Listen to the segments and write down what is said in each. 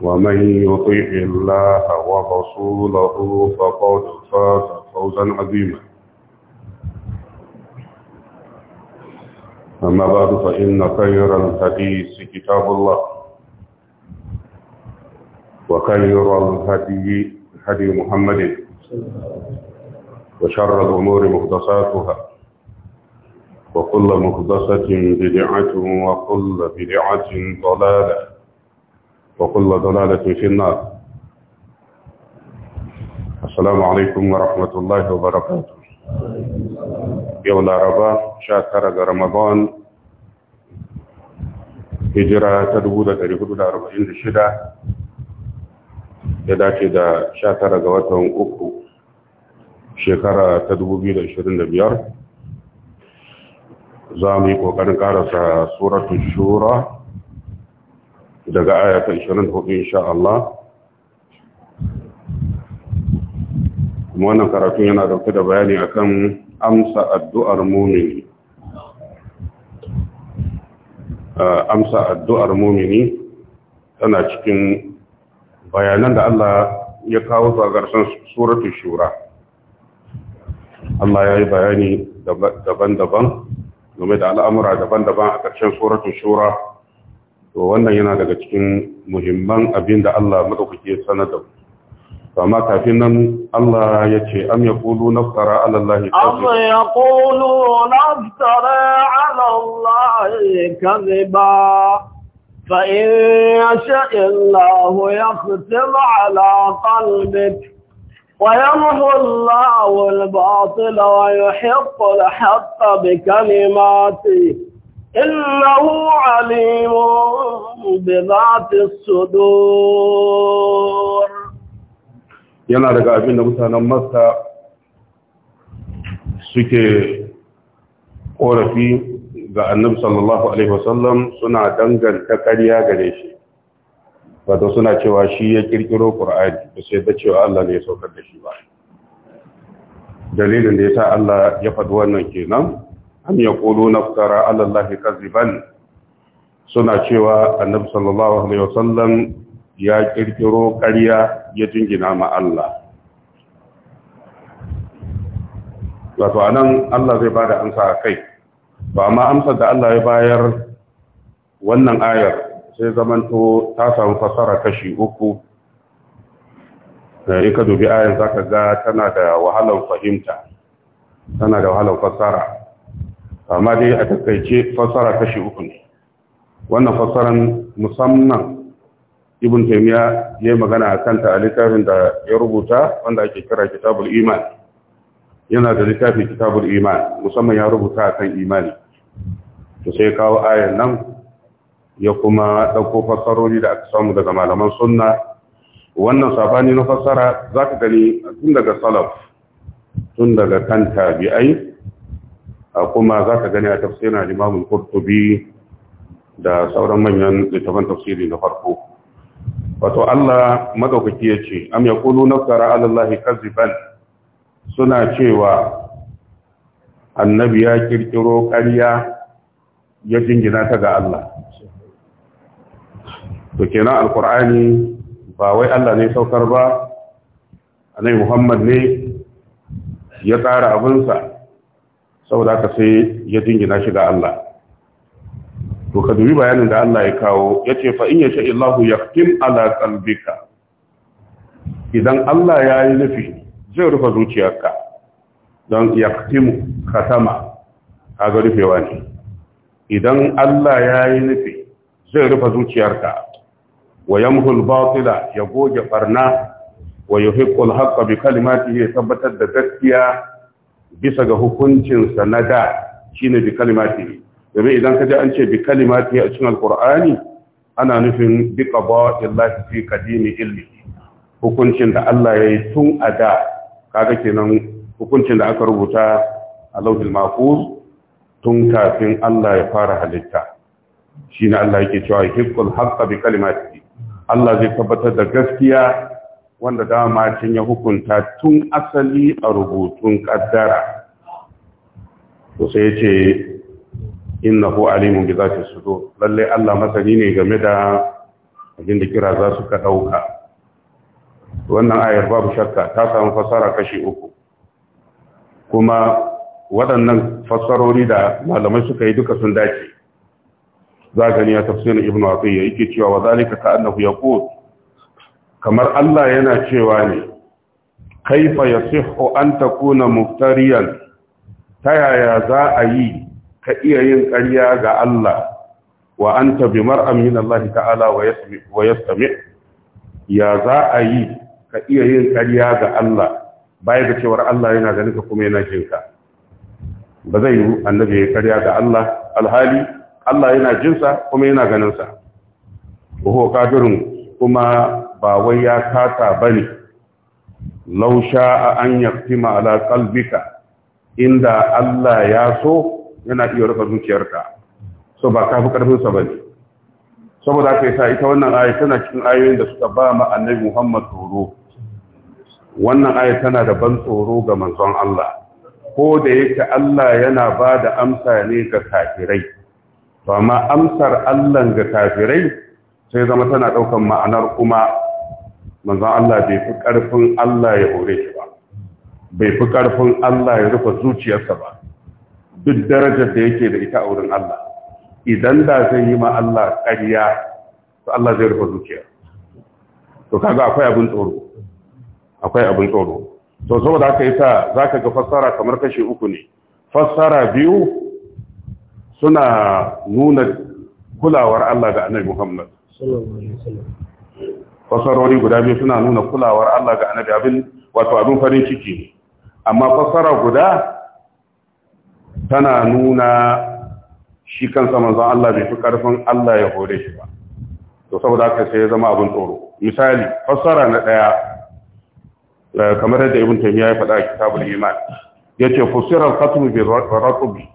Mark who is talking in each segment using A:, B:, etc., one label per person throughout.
A: ومن يطيع الله ورسوله فقد فاز فوزا عظيما أما بعد فإن خير الحديث كتاب الله وخير الهدي هدي محمد وشر الأمور مقدساتها وكل مقدسة بدعة وكل بدعة ضلالة وكل ضلالة في النار السلام عليكم ورحمة الله وبركاته يوم العرباء شاكرة رمضان هجرة تدبودة تريبودة أربعين لشدة يداتي دا شاكرة غواتهم أكو شكرة تدبودة عشرين لبيار زامي وكان كارسة سورة الشورى daga ayata 24 insha Allah kuma wannan karatu yana dauke da bayani akan amsa addu'ar mumini ah, amsa addu'ar mumini tana cikin bayanan da Allah ya kawo su a ƙarshen suratun shura Allah ya yi bayani daban-daban game da al'amura daban-daban a ƙarshen suratun shura to wannan yana daga cikin muhimman abin da Allah madaukake sanar da amma kafin nan Allah ya ce am ya kulu na fara alallahi kazi am
B: ya kulu na fara alallahi kazi ba fa in ya sha illahu ya fitil ala qalbik wa yamhu allahu al batil wa yuhiqqu al haqq bi kalimatihi إنه عليم بذات الصدور
A: yana daga abin da mutanen masa suke korafi ga annabi sallallahu alaihi wasallam suna danganta karya gare shi wato suna cewa shi ya kirkiro qur'ani ba sai da cewa Allah ne ya saukar da shi ba dalilin da yasa Allah ya faɗi wannan kenan am yaquluna na ala allahi kaziban suna cewa annab sallallahu alaihi wasallam ya kirkiro ƙarya ya jingina ma Allah wato anan Allah zai bada amsa a kai ba ma amsa da Allah ya bayar wannan ayar sai zamanto ta samu fasara kashi uku in ka dubi ayar zaka ga tana da wahalar fahimta tana da wahalar fasara amma dai a takaice fassara kashi uku ne wannan fassaran musamman ibn taymiya ya magana a kanta a littafin da ya rubuta wanda ake kira kitabul iman yana da littafin kitabul iman musamman ya rubuta akan imani to sai kawo ayan nan ya kuma ɗauko fassarori da aka samu daga malaman sunna wannan sabani na fassara za gani tun daga salaf tun daga kan tabi'ai kuma za ka gani a tafsirin limamin kurtubi da sauran manyan littafan tafsiri na farko wato Allah madaukaki ya ce am yaqulu nafsara ala allahi kaziban suna cewa annabi ya kirkiro karya ya jingina ta ga Allah to kenan alqur'ani ba wai Allah ne saukar ba annabi Muhammad ne ya tsara abinsa saboda haka sai ya jingina shi ga Allah to ka dubi bayanin da Allah ya kawo yace fa in yasha Allahu yaqtim ala qalbika idan Allah ya yi nufi zai rufe zuciyarka don yaqtimu khatama kaga rufewa ne idan Allah ya yi nufi zai rufe zuciyarka wa yamhul batila ya goge barna wa yuhiqqul haqqa bi kalimatihi tabbatar da gaskiya bisa ga hukuncinsa na da ne bi kalimati domin idan ka ji an ce bi kalimati a cikin alkur'ani ana nufin bi qada'illahi fi qadimi ilmi hukuncin da Allah ya yi tun a da kaga kenan hukuncin da aka rubuta a lauhil mahfuz tun kafin Allah ya fara halitta shine Allah yake cewa hiqqul haqqi bi kalimati Allah zai tabbatar da gaskiya wanda dama can ya hukunta tun asali a rubutun kaddara to sai ya ce ko alimun bi zati sudur lalle Allah masani ne game da abin da kira za su ka ɗauka. wannan ayar babu shakka ta samu fasara kashi uku kuma waɗannan fasarori da malamai suka yi duka sun dace za gani ya tafsirin ibn ya yake cewa wa zalika ka annahu yaqul kamar Allah yana cewa ne kaifa yasihu an takuna muftariyan ta yaya za a yi ka iya yin ƙarya ga Allah wa anta bi mar'an min Allah ta'ala wa yastami ya za a yi ka iya yin ƙarya ga Allah baya ga cewar Allah yana ganin ka kuma yana jin ka ba zai yi annabi ya ƙarya ga Allah alhali Allah yana jinsa kuma yana ganin sa ko kuma ba wai ya kasa bane Lausha a an yaktima ala qalbika inda Allah ya so yana iya rufe zuciyarka so ba ka ƙarfinsa ba sa bane saboda haka yasa ita wannan aya tana cikin ayoyin da suka ba mu annabi Muhammad tsoro wannan aya tana da ban tsoro ga manzon Allah ko da yake Allah yana ba da amsa ne ga kafirai to amma amsar Allah ga kafirai sai zama tana daukan ma'anar kuma manzon Allah bai fi karfin Allah ya hore shi ba bai fi karfin Allah ya rufe zuciyarsa ba duk darajar da yake da ita a wurin Allah idan da zai yi ma Allah ƙarya to Allah zai rufe zuciya to kaga akwai abin tsoro akwai abin tsoro to saboda haka yasa zaka ga fassara kamar kashi uku ne fassara biyu suna nuna kulawar Allah da Annabi Muhammad
B: sallallahu alaihi wasallam
A: fasarori guda biyu suna nuna kulawar Allah ga annabi abin wato abin farin ciki amma fasara guda tana nuna shi kansa manzon Allah bai fi karfin Allah ya hore shi ba to saboda haka sai ya zama abin tsoro misali fasara na daya eh, kamar yadda ibn taymiya ya faɗa a kitabul iman yace al khatm bi ratbi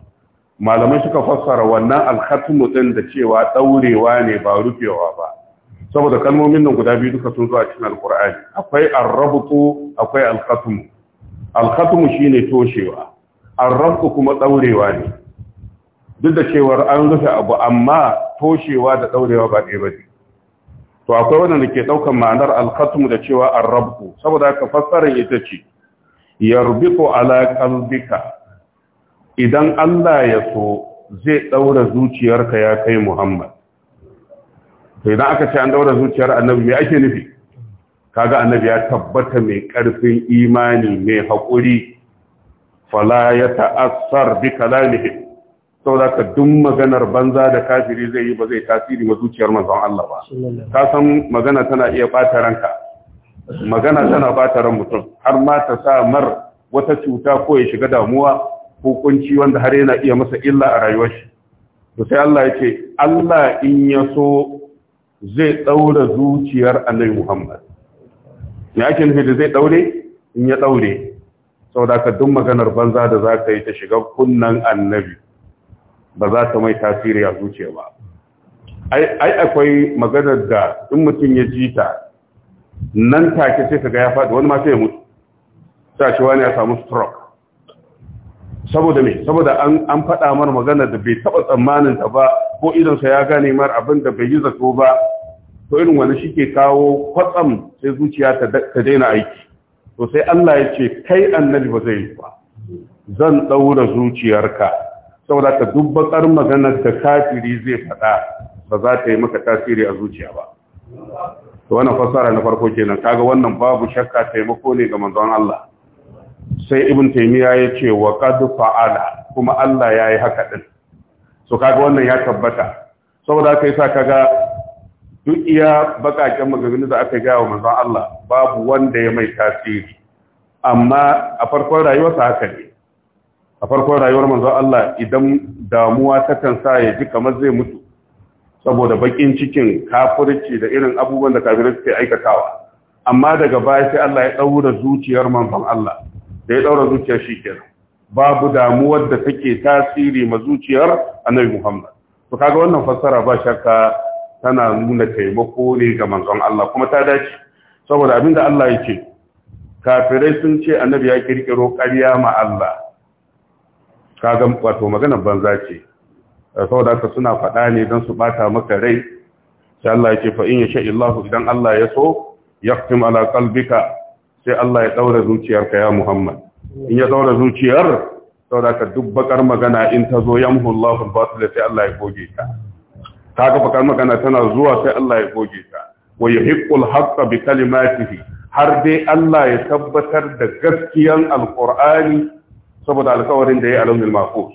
A: malamai suka fassara wannan al-khatm din da cewa daurewa ne ba rufewa ba saboda kalmomin nan guda biyu duka sun zo a cikin alkur'ani akwai arrabtu akwai alkhatmu alkhatmu shine toshewa arrabtu kuma daurewa ne duk da cewar an rufe abu amma toshewa da daurewa ba ɗaya bane to akwai wanda ke daukan ma'anar alkhatmu da cewa arrabtu saboda haka fassarar ita ce yarbitu ala qalbika idan Allah ya so zai daura zuciyarka ya kai Muhammad Sai idan aka ce an daura zuciyar annabi me ake nufi kaga annabi ya tabbata mai karfin imani mai haƙuri fala ya ta'assar bi kalamihi da ka dun maganar banza da kafiri zai yi ba zai tasiri ma zuciyar manzon Allah ba ka san magana tana iya bata ranka magana tana bata ran mutum har ma ta sa mar wata cuta ko ya shiga damuwa ko wanda har yana iya masa illa a rayuwar shi to sai Allah ya ce Allah in ya so zai daura zuciyar annabi Muhammad me ake nufi da zai ɗaure? in ya daure saboda ka duk maganar banza da za ka yi ta shiga kunnan annabi ba za ta mai tasiri a zuciya ba ai akwai maganar da in mutum ya ji ta nan take sai ka ga ya faɗi wani ma sai ya mutu sa shi wani ya samu stroke saboda me saboda an faɗa mar magana da bai taɓa tsammanin ta ba ko idan sa ya gane mar abin da bai yi zato ba to irin wani shi ke kawo kwatsam sai zuciya ta daina aiki to sai Allah ya ce kai annabi ba zai yi ba zan daura zuciyarka saboda ka dubbatar maganar da kafiri zai faɗa ba za ta yi maka tasiri a zuciya ba to wannan fassara na farko kenan kaga wannan babu shakka taimako ne ga manzon Allah sai ibn taymiya ya ce wa qad fa'ala kuma Allah yayi haka din so kaga wannan ya tabbata saboda haka yasa kaga duk iya bakaken maganganu da aka gaya wa manzon Allah babu wanda ya mai tasiri amma a farkon rayuwarsa haka ne a farkon rayuwar manzon Allah idan damuwa ta kan sa ya ji kamar zai mutu saboda bakin cikin kafirci da irin abubuwan da kafirci ke aikatawa amma daga baya sai Allah ya daura zuciyar manzon Allah da ya daura zuciyar shi kenan babu damuwar da take tasiri ma zuciyar annabi Muhammad to kaga wannan fassara ba shakka tana nuna taimako ne ga manzon Allah kuma ta dace saboda abinda Allah ya ce kafirai sun ce annabi ya kirkiro ƙarya ma Allah kaga wato magana banza ce saboda haka suna faɗa ne don su bata maka rai sai Allah ya ce fa in yasha Allah idan Allah ya so yaqtim ala qalbika sai Allah ya daura zuciyarka ya Muhammad in ya daura zuciyar saboda duk bakar magana in ta zo yamhu Allahu al-batil sai Allah ya goge ta kaga bakar magana tana zuwa sai Allah ya goge ta wa yuhiqqul haqqa bi kalimatihi har dai Allah ya tabbatar da gaskiyan alqur'ani saboda alƙawarin da ya yi alamin mahfuz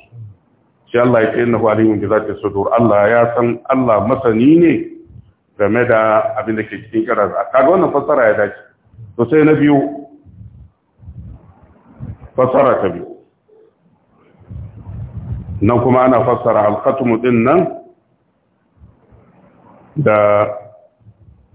A: sai Allah ya ce innahu alimun bi zati sudur Allah ya san Allah masani ne game da abin da ke cikin kirar kaga wannan fassara ya dace to sai na biyu fassara ta biyu nan kuma ana fassara alkhatumu din nan da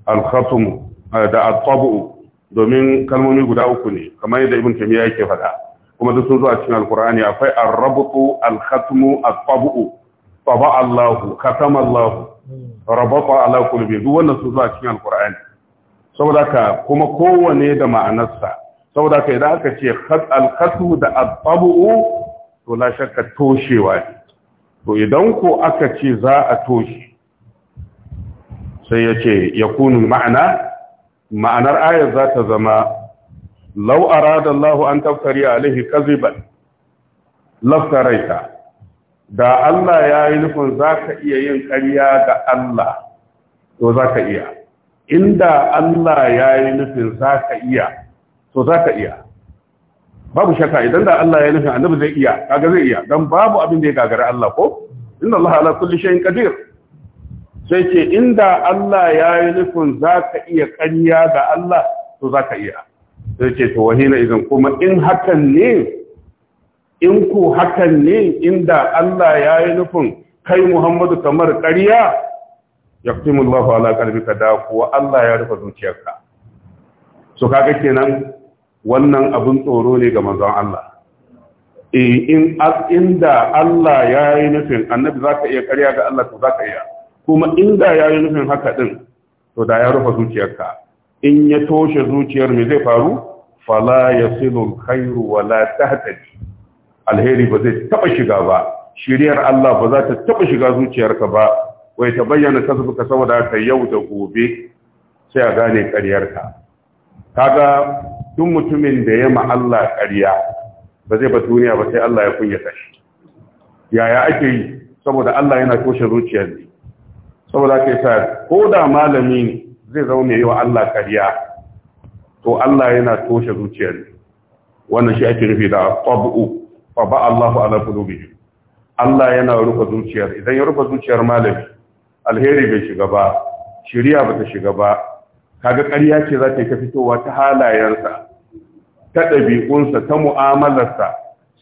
A: alkhatumu eh, da alqabu domin kalmomi guda uku ne kamar yadda ibn tamiya yake faɗa kuma duk sun zuwa a cikin alqur'ani akwai arrabtu alkhatmu alqabu taba Allahu katama Allahu hmm. rabata ala qulubi duk wannan sun zuwa a cikin alqur'ani saboda ka kuma kowane da ma'anarsa saboda ka idan aka ce alkasu da ababu to la shakka toshewa to idan ko aka ce za a toshe sai ya ce ya kunu ma'ana ma'anar ayar za ta zama lau arada an taftari alaihi kaziban laftaraita da Allah ya yi nufin za ka iya yin ƙarya ga Allah to za ka iya inda Allah ya yi nufin za ka iya to za ka iya babu shaka idan da Allah ya yi nufin annabi zai iya kaga zai iya don babu abin da ya gagara Allah ko Inda Allah ala kulli shay'in kadir. sai ce inda Allah ya yi nufin za ka iya ƙarya ga Allah to za ka iya sai ce to wahina idan kuma in hakan ne in ku hakan ne inda Allah ya yi nufin kai Muhammadu kamar ƙarya yaqtimu Allahu ala qalbika da kuwa Allah ya rufe zuciyarka so kaga kenan wannan abun tsoro ne ga manzon Allah eh in inda Allah ya yi nufin annabi zaka iya ƙarya ga Allah to zaka iya kuma inda ya yi nufin haka ɗin, to da ya rufe zuciyarka in ya toshe zuciyar me zai faru fala yasilu khairu wala tahtadi alheri ba zai taba shiga ba shiriyar Allah ba za ta taba shiga zuciyarka ba wai ta bayyana kasbuka saboda ta yau da gobe sai a gane Ka kaga duk mutumin da ya ma Allah ƙarya ba zai ba duniya ba sai Allah ya kunyata shi yaya ake yi saboda Allah yana toshe zuciyar ne saboda ake sa ko da malami ne zai zama yi wa Allah ƙarya to Allah yana toshe zuciyar ne wannan shi ake nufi da tabu fa ba Allahu ala qulubihim Allah yana rufe zuciyar idan ya rufe zuciyar malami alheri bai shiga ba shiriya ba ta shiga ba kaga ƙarya ce za ta yi ta fitowa ta halayensa ta ɗabi'unsa ta mu'amalarsa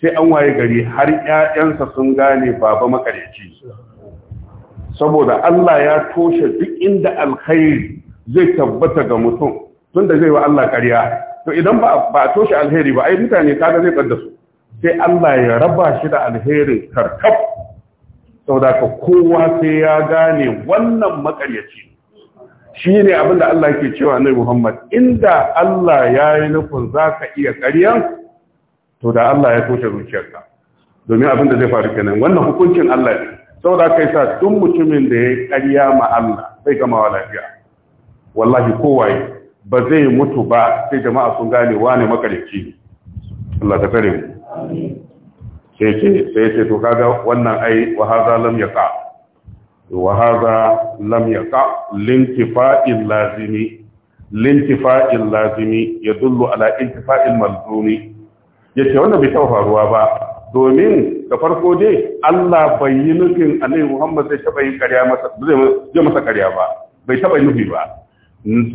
A: sai an waye gari har ‘ya'yansa sun gane baba makareci saboda Allah ya toshe duk inda alkhairi zai tabbata ga mutum tun da zai wa Allah ƙarya to idan ba a toshe alheri ba ai mutane kaga zai ƙaddasu sai Allah ya raba shi da alherin karkaf. saboda ka kowa sai ya gane wannan makaryaci shi ne abinda Allah ke cewa nai Muhammad inda Allah ya yi nufin za ka iya karyan to da Allah ya toshe zuciyarka domin abinda zai faru kenan wannan hukuncin Allah ne saboda kai sa duk mutumin da ya karya ma Allah sai gama lafiya wallahi kowaye ba zai mutu ba sai jama'a sun gane wane makaryaci Allah ta kare mu sai ce sai ce to kaga wannan ai wa hadha lam yaqa wa hadha lam yaqa lintifa'il lazimi lintifa'il lazimi yadullu ala intifa'il malzumi yace wannan bai taɓa faruwa ba domin da farko dai Allah bai yi nufin Annabi Muhammad zai taɓa yin ƙarya masa zai masa ƙarya ba bai taɓa nufi ba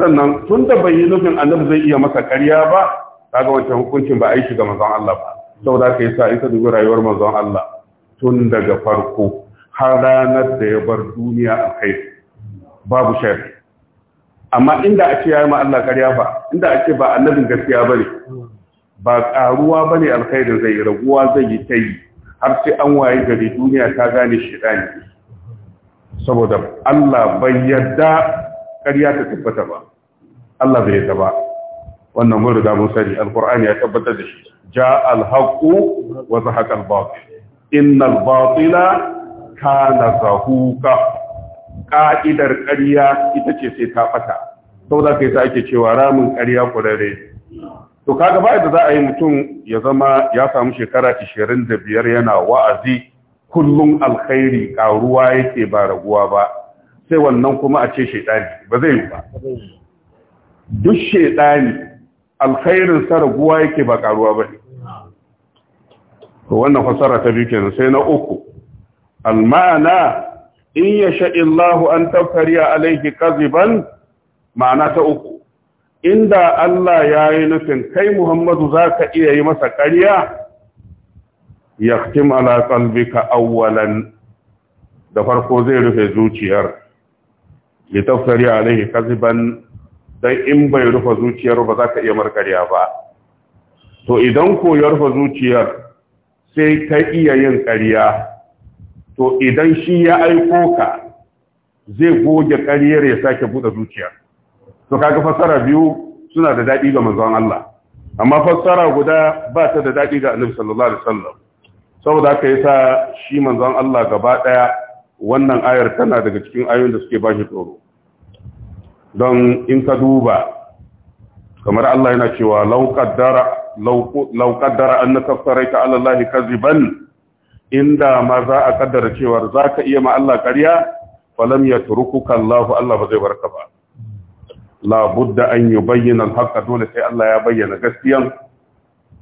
A: sannan tun da bai yi nufin Annabi zai iya masa ƙarya ba kaga wancan hukuncin ba a yi shiga manzon Allah ba saboda ka sa ita dubi rayuwar manzon Allah tun daga farko har ranar da ya bar duniya a kai babu shayar. amma inda ake yayi ma Allah karya ba inda ake ba annabin gaskiya ne, ba ƙaruwa ne alkhairin zai raguwa zai yi yi har sai an waye gari duniya ta gane shedani saboda Allah bai yarda ƙarya ta tabbata ba Allah bai yarda ba wannan mun riga mun sani alkurani ya tabbatar da shi ja alhaku wa الباطل batil الباطل كان kana zahuka ka'idar ƙarya ita ce sai ta fata saboda kai sai ake cewa ramin ƙarya kurare to kaga ba da za a yi mutum ya zama ya samu shekara da biyar yana wa'azi kullum alkhairi karuwa yake ba raguwa ba sai wannan kuma a ce shedani ba zai yi ba duk shedani alkhairin sa raguwa yake ba karuwa ba to wannan fasara ta biyu kenan sai na uku alma'ana in yasha Allahu an tafkariya alayhi kaziban ma'ana ta uku inda Allah ya yi nufin kai Muhammadu za ka iya yi masa ƙariya, ya tim alaƙalbika awwalan da farko zai rufe zuciyar a alaihi kaziban don in bai rufe zuciyar ba za ka iya markarya ba to idan ko ya rufe zuciyar sai ka iya yin ƙarya to idan shi ya aiko ka zai goge ƙaryar ya sake buɗe zuciyar to kaga fassara biyu suna da daɗi ga manzon Allah amma fassara guda ba ta da daɗi ga annabi sallallahu alaihi wasallam saboda haka yasa shi manzon Allah gaba ɗaya wannan ayar tana daga cikin ayoyin da suke bashi tsoro don in ka duba kamar Allah yana cewa lau kaddara an na kafarai ta Allahi kaziban inda ma za a kaddara cewar za ka iya ma Allah ƙarya falam ya turukuka Allah Allah ba zai barka ba labudda an yi bayyana haka dole sai Allah ya bayyana gaskiyan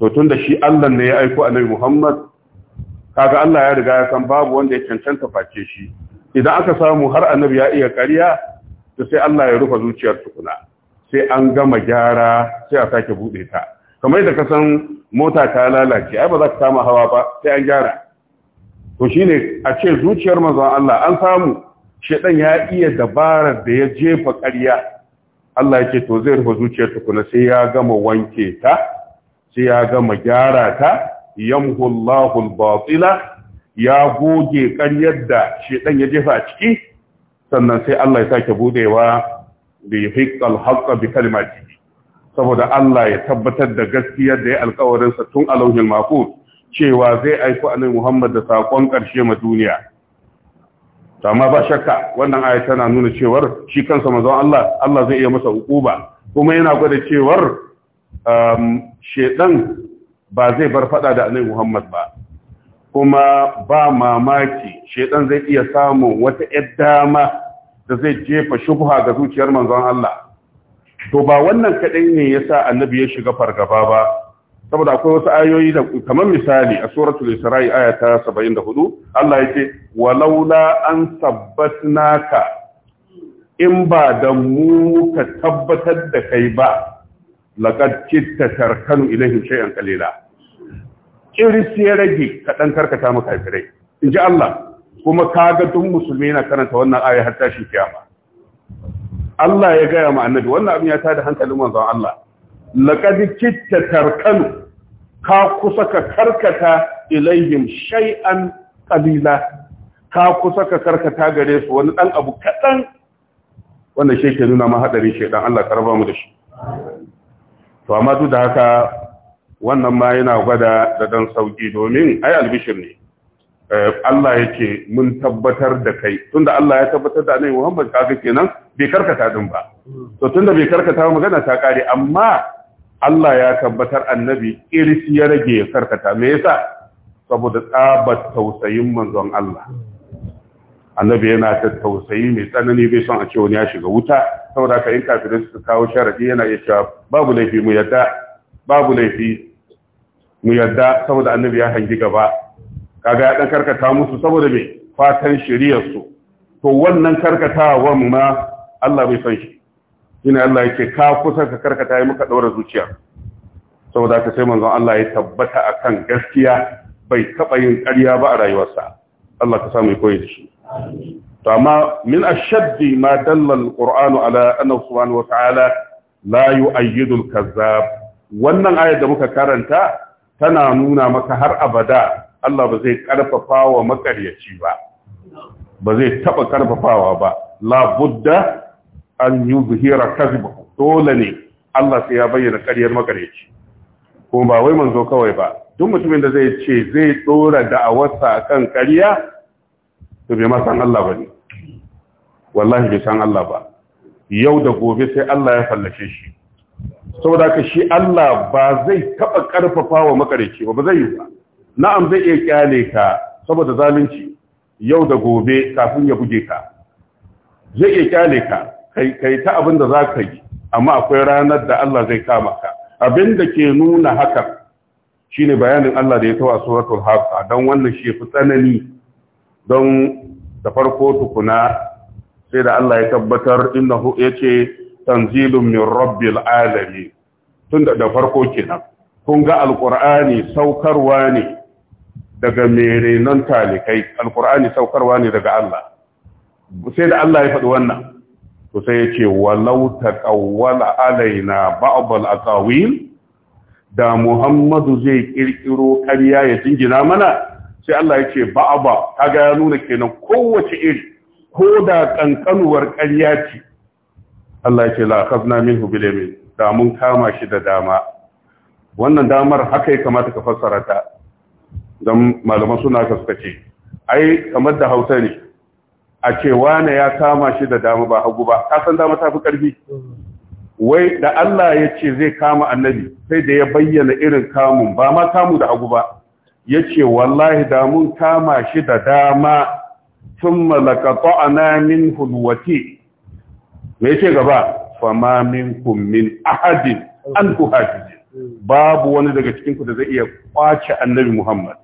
A: to tun da shi Allah ne ya aiko annabi Muhammad kaga Allah ya riga ya san babu wanda ya cancanta face shi idan aka samu har annabi ya iya ƙarya to sai Allah ya rufe zuciyar tukuna sai an gama gyara sai a sake buɗe ta kamar da ka san mota ta lalace ai ba za ka samu hawa ba sai an gyara to shine a ce zuciyar manzon Allah an samu shedan ya iya dabarar da ya jefa ƙarya Allah yake to zai rufe zuciyar tukuna sai ya gama wanke ta sai ya gama gyara ta yamhu Allahul batila ya goge ƙaryar da shedan ya jefa a ciki sannan sai Allah ya sake budewa ya fi kalhaka bi kalimati saboda Allah ya tabbatar da gaskiyar da ya alkawarinsa tun a lauhin mako, cewa zai aiko annabi Muhammad da saƙon ƙarshe ma duniya to ba shakka wannan aya tana nuna cewar shi kansa manzon Allah Allah zai iya masa hukuba kuma yana gwada cewar um, shedan ba zai bar fada da annabi Muhammad ba kuma ba mamaki shedan zai iya samun wata ƴar dama da zai jefa shubha ga zuciyar manzon Allah to ba wannan kadai ne yasa annabi ya shiga fargaba ba saboda akwai wasu ayoyi da kamar misali a suratul isra'i aya ta 74 Allah yake walaula an sabbatnaka in ba da mu ka tabbatar da kai ba laqad kitta tarkanu ilaihim shay'an qalila iris ya rage kadan karkata maka kafirai inji Allah kuma kaga duk musulmi na karanta wannan aya har tashi kiyama Allah ya gaya ma annabi wannan abin ya tada hankalin manzon Allah laqad kitta tarkanu ka kusa ka karkata ilaihim shay'an qalila ka kusa ka karkata gare su wani dan abu kadan wannan shi ke nuna ma hadari shedan Allah ka mu da shi to amma duk da haka wannan ma yana gwada da dan sauki domin ai albishir ne Eh, Allah yake mun tabbatar da kai tunda Allah ya tabbatar da annabi Muhammad kaga kenan bai karkata din ba to tunda bai karkata magana ta kare amma Allah ya tabbatar annabi irsi ya rage ya karkata me yasa saboda tsabar tausayin manzon Allah annabi yana ta tausayi mai tsanani bai son a ce wani ya shiga wuta saboda haka in kafirin suka kawo sharadi yana iya cewa babu laifi mu yadda babu laifi mu yadda saboda annabi ya hangi gaba kaga ya dan karkata musu saboda me fatan shari'ar su to wannan karkatawan ma Allah bai san shi ina Allah yake ka kusa ka karkata yi muka daura zuciya saboda ka sai manzon Allah ya tabbata akan gaskiya bai taba yin ƙarya ba a rayuwarsa Allah ka samu koyi da shi to amma min ashaddi ma dalla alqur'anu ala annahu subhanahu wa ta'ala la yu'ayyidu al wannan ayar da muka karanta tana nuna maka har abada Allah ba zai karfafa wa makaryaci ba ba zai taba karfafawa ba la budda an yuzhira kazbahu dole ne Allah sai ya bayyana ƙaryar makaryaci ko ba wai manzo kawai ba duk mutumin da zai ce zai dora da'awarsa akan ƙarya to bai ma san Allah ne, wallahi bai san Allah ba yau da gobe sai Allah ya fallashe shi saboda ka shi Allah ba zai taba karfafa wa makaryaci ba ba zai yi ba na'am zai iya kyale ka saboda zalunci yau da gobe kafin ya buge ka zai iya kyale ka kai kai ta abin da za yi amma akwai ranar da Allah zai kama ka abin da ke nuna haka shine bayanin Allah da ya tawa suratul haqa dan wannan shi fi tsanani don da farko tukuna sai da Allah ya tabbatar innahu yace tanzilun min rabbil alamin tun da farko kenan kun ga alqur'ani saukarwa ne daga mere nan talikai alkur'ani saukarwa ne daga Allah sai da Allah ya faɗi wannan to sai ya ce walau taqawwala alaina Ba'bal al-aqawil da Muhammadu zai kirkiro ƙarya ya jingina mana sai Allah ya ce ba'aba kaga ya nuna kenan kowace iri ko da kankanuwar ƙarya ce Allah ya ce la khazna minhu bil yamin da mun kama shi da dama wannan damar haka ya kamata ka fassara ta don malaman suna kaskace ai kamar da hausa ne a ce wane ya kama shi da dama ba hagu ba ka san dama ta fi ƙarfi wai da Allah ya ce zai kama annabi sai da ya bayyana irin kamun ba ma kamu da hagu ba ya ce wallahi da mun kama shi da dama sun malaka ta'ana min hulwati me ce gaba fama minkum min ahadin an ku hmm. babu wani daga cikinku da zai iya kwace annabi Muhammad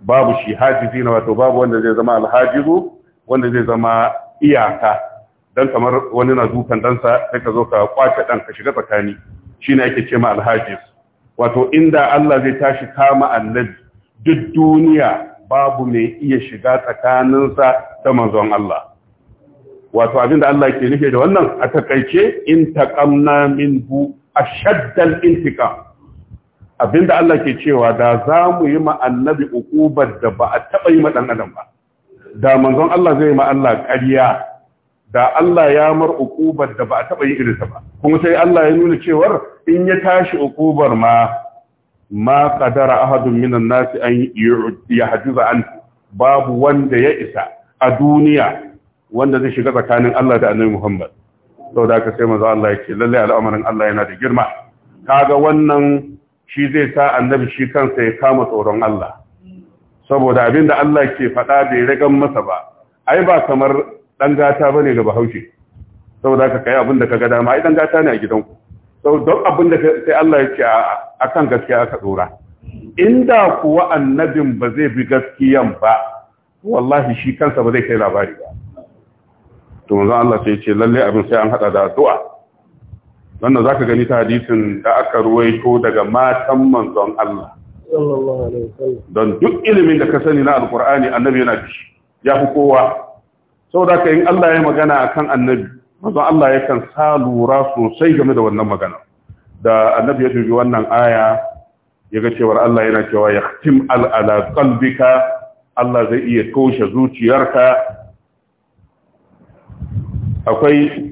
A: babu shi hajizi na wato babu wanda zai zama alhajizu wanda zai zama iyaka dan kamar wani na dukan dansa sai ka zo ka kwace ɗan ka shiga tsakani shine ake ce ma alhajiz wato inda Allah zai tashi kama annabi duk duniya babu mai iya shiga tsakaninsa da manzon Allah wato abinda Allah ke nufi da wannan a takaice in taqamna minhu ashaddal intiqam abinda Allah ke cewa da za mu yi ma annabi da ba a taɓa yi ma adam ba da manzon Allah zai ma Allah ƙariya da Allah ya mar uƙubar da ba a taɓa yi irisa ba kuma sai Allah ya nuna cewar in ya tashi ukubar ma ma a ahadun minan nasi an yahjuza an babu wanda ya isa a duniya wanda zai shiga tsakanin Allah da Annabi Muhammad Sau da aka sai manzo Allah ya ce, lallai al'amarin Allah yana da girma kaga wannan shi zai sa annabi shi kansa ya kama tsoron Allah saboda abinda Allah ke faɗa bai ragan masa ba ai ba kamar dan gata bane ga Bahaushe saboda ka kai abinda kaga dama ai dan gata ne a gidanku sau don abinda sai Allah ya ce a kan gaskiya aka dora inda kuwa annabin ba zai bi gaskiyan ba wallahi shi kansa ba zai kai labari ba to manzo Allah sai ya ce lalle abin sai an hada da addu'a wannan zaka gani ta hadisin da aka ruwaito daga matan manzon Allah don duk ilimin da ka sani na alkur'ani annabi yana da ya fi kowa saboda ka yin Allah ya magana akan annabi manzon Allah ya kan sa lura sosai game da wannan magana da annabi ya dubi wannan aya ya ga cewar Allah yana cewa ya tim al'ala qalbika Allah zai iya toshe zuciyarka akwai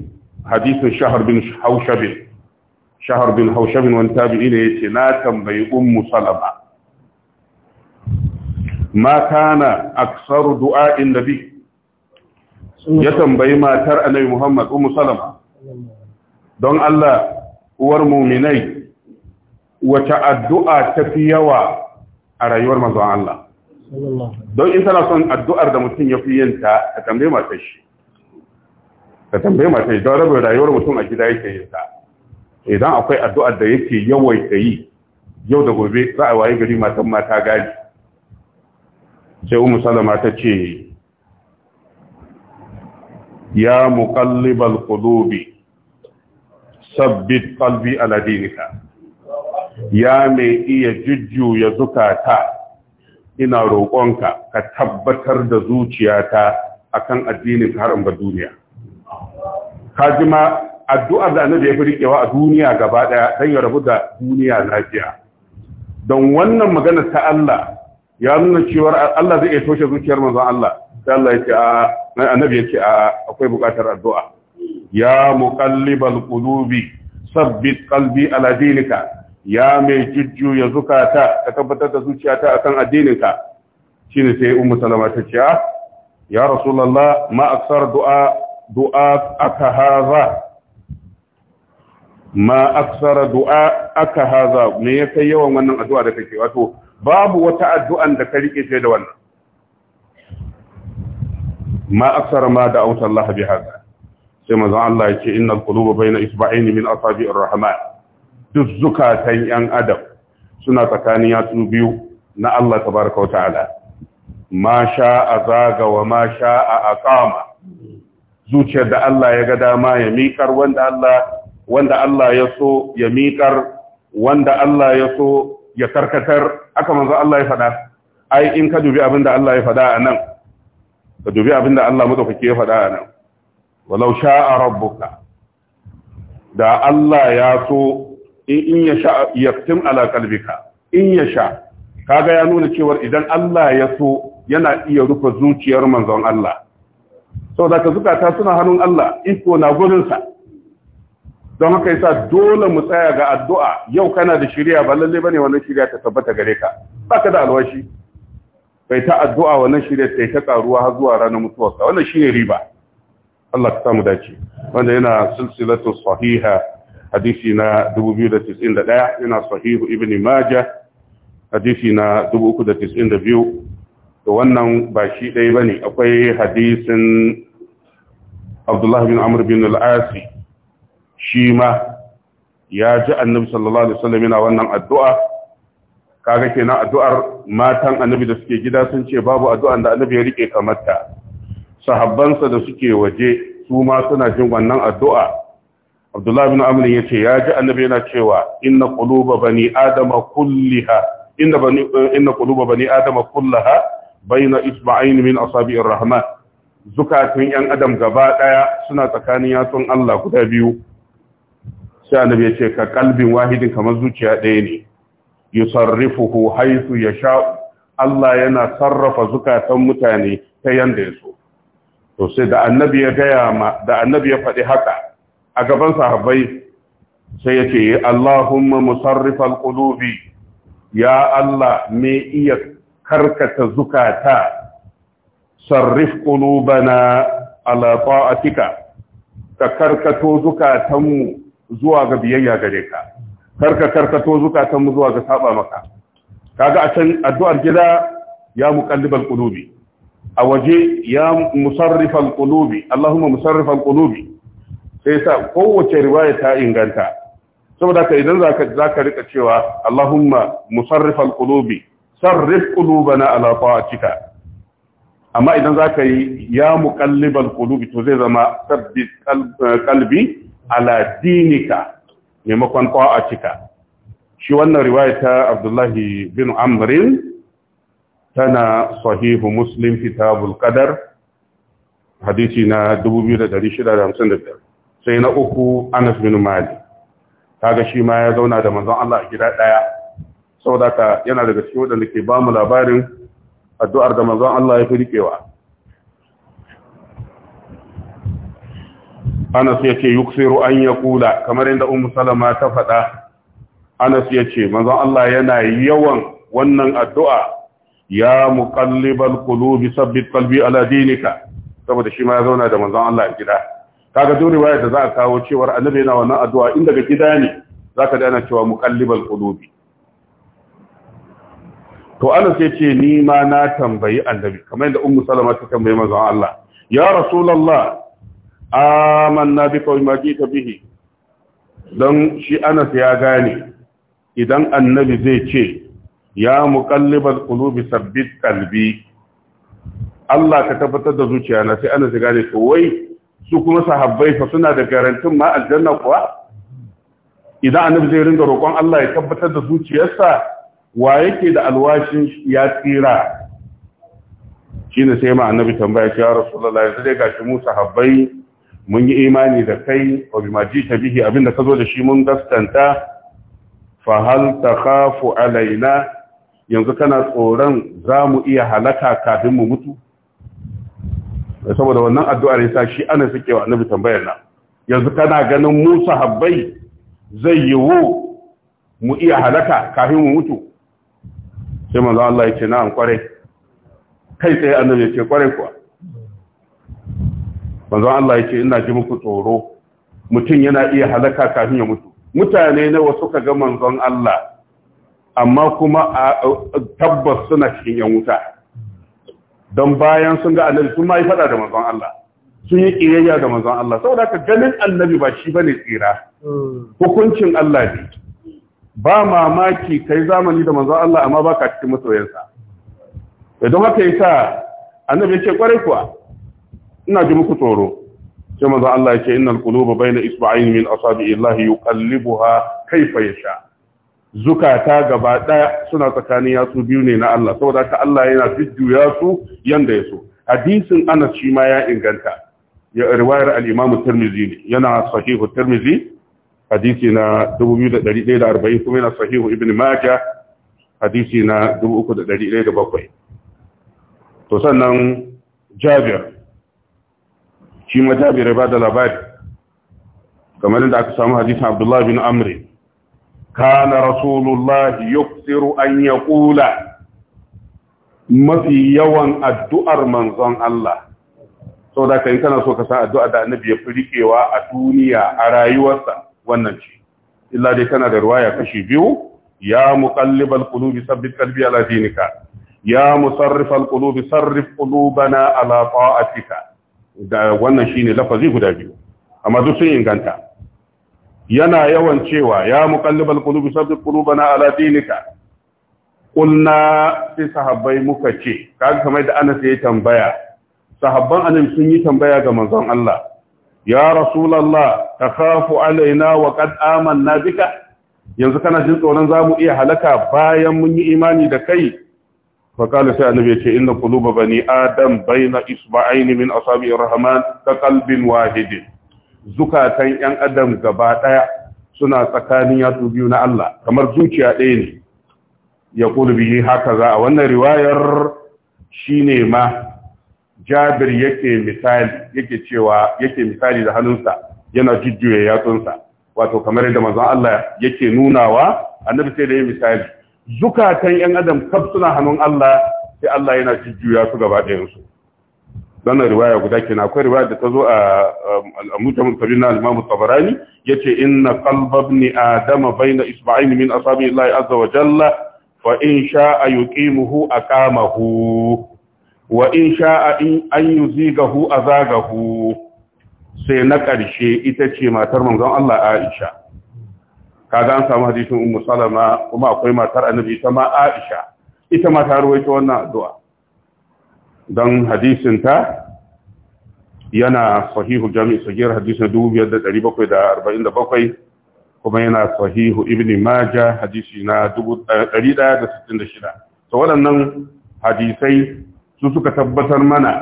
A: hadisin shahar bin haushabin shahar bin haushabin wani ne ya ce na tambayi ummu salama ma kana aksaru du'a'in nabi ya tambayi matar annabi Muhammad ummu salama don Allah uwar muminai wata addu'a tafi yawa a rayuwar manzon Allah don in tana son addu'ar da mutum ya fi yinta ta tambaye matar shi ka tambaye mata idan rabin rayuwar mutum a gida yake yin ta idan akwai addu'ar da yake yawaita yi yau da gobe za a waye gari matan mata gadi sai umu salama ta ce ya muqallibal qulubi sabbit qalbi ala dinika ya mai iya jujjuya zukata ina roƙonka ka tabbatar da zuciyata akan addinin har in ba duniya ka ji ma addu'ar da annabi ya fi rikewa a duniya gaba ɗaya, don ya rabu da duniya lafiya don wannan magana ta Allah ya nuna cewar Allah zai iya toshe zuciyar manzon Allah sai Allah ya ce a annabi ya ce a akwai buƙatar addu'a ya muqallibal qulubi sabbit qalbi ala dinika ya mai jujjuya zukata ka tabbatar da zuciyata akan addininka shine sai ummu salama ta ce ah, ya rasulullah ma aksar du'a du'a aka haza ma aksara du'a aka haza me ya kai yawan wannan addu'a da kake wato babu wata addu'an da ka rike sai da wannan ma aksara ma da auta Allah bi haza sai mazan Allah yake bai quluba baina isba'aini min asabi'ir rahman duk zukatan yan adam suna tsakanin yatsu biyu na Allah tabaraka wa ta'ala ma a zaga wa ma sha'a aqama zuciyar da Allah ya ga dama ya miƙar wanda Allah wanda Allah ya so ya miƙar wanda Allah ya so ya karkatar aka manzo Allah ya faɗa ai in ka dubi abinda Allah ya faɗa a nan ka dubi abinda da Allah madaukake ya faɗa a nan walau sha'a rabbuka da Allah ya so in ya sha ya yaktim ala qalbika in ya sha kaga ya nuna cewa idan Allah ya so yana iya rufe zuciyar manzon Allah saboda ka zukata suna hannun Allah iko na gurinsa don haka yasa dole mu tsaya ga addu'a yau kana da shirya ba lalle bane wannan shirya ta tabbata gare ka baka da alwashi Bai ta addu'a wannan shirya sai ta karuwa har zuwa ranar sa wannan shine riba Allah ta samu dace wanda yana silsilatu sahiha hadisi na 2091 yana sahihu ibn majah hadisi na 392 to wannan ba shi ɗaya ba akwai hadisin abdullah bin Amur bin al shi ma ya ji annabi sallallahu alaihi wasallam yana wannan addu'a kaga kenan addu'ar matan annabi da suke gida sun ce babu addu'an da annabi ya rike kamarta. sahabbansa da suke waje su ma suna jin wannan addu'a abdullah bin amr ya ce ya ji annabi yana cewa inna quluba bani adama kulliha inna bani bani adama kullaha baina isma'in min asabi'ir rahman zukatun ‘yan adam gaba ɗaya suna tsakanin yatsun Allah guda biyu, sai annabi ya ce ka kalbin wahidin kamar zuciya ɗaya ne, yi sarrifuhu haisu ya sha Allah yana sarrafa zukatan mutane ta yanda ya so. To sai da annabi ya gaya ma, da annabi ya faɗi haka a gaban sahabbai sai ya ce, Allahumma musarrifal qulubi ya Allah me iya karkata zukata sarrif qulubana ala ta'atika ka karkato zukatanmu zuwa ga biyayya gare ka karka karkato zukatanmu zuwa ga saba maka kaga a can addu'ar gida ya muqallibal qulubi a waje ya musarrifal qulubi Allahumma musarrifal qulubi sai sa kowace riwaya ta inganta saboda ka idan zaka zaka rika cewa Allahumma musarrifal qulubi sarrif qulubana ala ta'atika amma idan za ka yi ya muqallibal qulubi to zai zama sabbi eh, kalbi ala dinika maimakon cika. shi wannan riwaya ta Abdullahi bin Amrin tana sahihu Muslim fitabul qadar hadisi na 2655 sai na uku Anas bin mali kaga shi ma ya zauna da manzon Allah a gida daya saboda ka yana daga cikin wadanda ke ba mu labarin addu'ar da manzon Allah ya fi riƙewa Anas ya ce yuksiru an ya kula kamar inda Umar Salama ta faɗa Anas ya ce manzon Allah yana yawan wannan addu'a ya muƙallibar qulubi sabbit qalbi ala dinika saboda shi ma ya zauna da manzon Allah a gida kaga duk riwaya da za a kawo cewar annabi yana wannan addu'a inda ga gida ne zaka ka ana cewa muqallibal qulubi to Anas ya ce ni ma na tambayi annabi kamar yadda ummu salama ta tambayi manzon Allah ya rasulullah amanna bika wa jita bihi dan shi Anas ya gane idan annabi zai ce ya muqallibal qulubi sabbit qalbi Allah ka tabbatar da zuciya na sai Anas ya gane to wai su kuma sahabbai fa suna da garantin ma aljanna kuwa idan annabi zai ringa roƙon Allah ya tabbatar da zuciyarsa wa yake da alwashin ya tsira shi ne sai ma annabi tambaya shi ya rasulallah yanzu ga gashi mu sahabbai mun yi imani da kai wa bi maji ta bihi abinda ka zo da shi mun gaskanta fa hal takhafu alaina yanzu kana tsoron za mu iya halaka kafin mu mutu saboda wannan addu'ar yasa shi ana suke wa annabi tambayar nan yanzu kana ganin mu sahabbai zai yiwu mu iya halaka kafin mu mutu sai manzo Allah ya ce na'am kwarai kai tsaye annabi ya ce kwarai kuwa manzo Allah ya ce ina ji muku tsoro mutum yana iya halaka kafin ya mutu mutane wasu ka ga manzon Allah amma kuma tabbas suna cikin yan wuta don bayan sun ga annabi sun ma yi fada da manzon Allah sun yi ƙiyayya da manzon Allah saboda ka ganin annabi ba shi bane tsira hmm. hukuncin Allah ne ba mamaki kai zamani da manzan Allah amma baka cikin masoyansa eh, don haka yasa annabi yake kwarai kuwa ina ji muku tsoro sai manzon Allah yake innal quluba baina isba'ayn min asabi'i Allah yuqallibuha kayfa yasha zukata gaba daya suna tsakanin yatsu biyu ne na Allah saboda ka Allah yana jujjuya su yanda ya so hadisin Anas shi ma ya inganta ya riwayar al-Imam Tirmidhi yana sahihu Tirmidhi hadisi na 2140 kuma yana sahihu ibn maja hadisi na 3107 to sannan jabir shi ma jabir ba da labari kamar da aka samu hadisin abdullahi bin amri kana rasulullahi yuksiru an kula. mafi yawan addu'ar manzon Allah saboda kai kana so ka sa addu'a da annabi ya fi rikewa a duniya a rayuwarsa wannan ce illa dai kana da ruwaya kashi biyu ya muqallibal qulubi sabbit qalbi ala dinika ya musarrifal qulubi sarrif qulubana ala ta'atika da wannan shine lafazi guda biyu amma duk sun inganta yana yawan cewa ya muqallibal qulubi sabbit qulubana ala dinika kulna sai sahabbai muka ce kaga kamar da Anas ya tambaya sahabban annabi sun yi tambaya ga manzon Allah ya rasulallah ta kafu alaina wa kad na bika yanzu kana jin tsoron za mu iya halaka bayan mun yi imani da kai faƙali sai annabi ce inna quluba bani adam baina isba'aini min asabi'ir rahman Ta kalbin wahidin zukatan yan adam gaba ɗaya suna tsakanin yatsu biyu na Allah kamar zuciya ɗaya ne ya qulubi haka za a wannan riwayar ne ma jabir yake misali yake cewa yake misali da hannunsa yana jujjuya yatsunsa wato kamar yadda manzon Allah yake nunawa annabi sai da ya misali zukatan yan adam kaf suna hannun Allah sai Allah yana jujjuya su gaba ɗayan su dan riwaya guda kenan akwai riwaya da ta zo a al-mutamin kabir na al-imam tabarani yace inna qalba ibn adam bayna isba'ayn min asabi Allah azza wa jalla fa in sha'a yuqimuhu aqamahu wa in sha'a in an yuzigahu hu sai na ƙarshe ita ce matar manzon Allah Aisha kaga an samu hadisin Umar Salama kuma akwai matar Annabi ita ma Aisha ita ma ta ruwaita wannan addu'a Don hadisinta yana sahihu jami'i arba'in da bakwai. kuma yana sahihu ibn majah hadisi na 1166 to waɗannan hadisai su suka tabbatar mana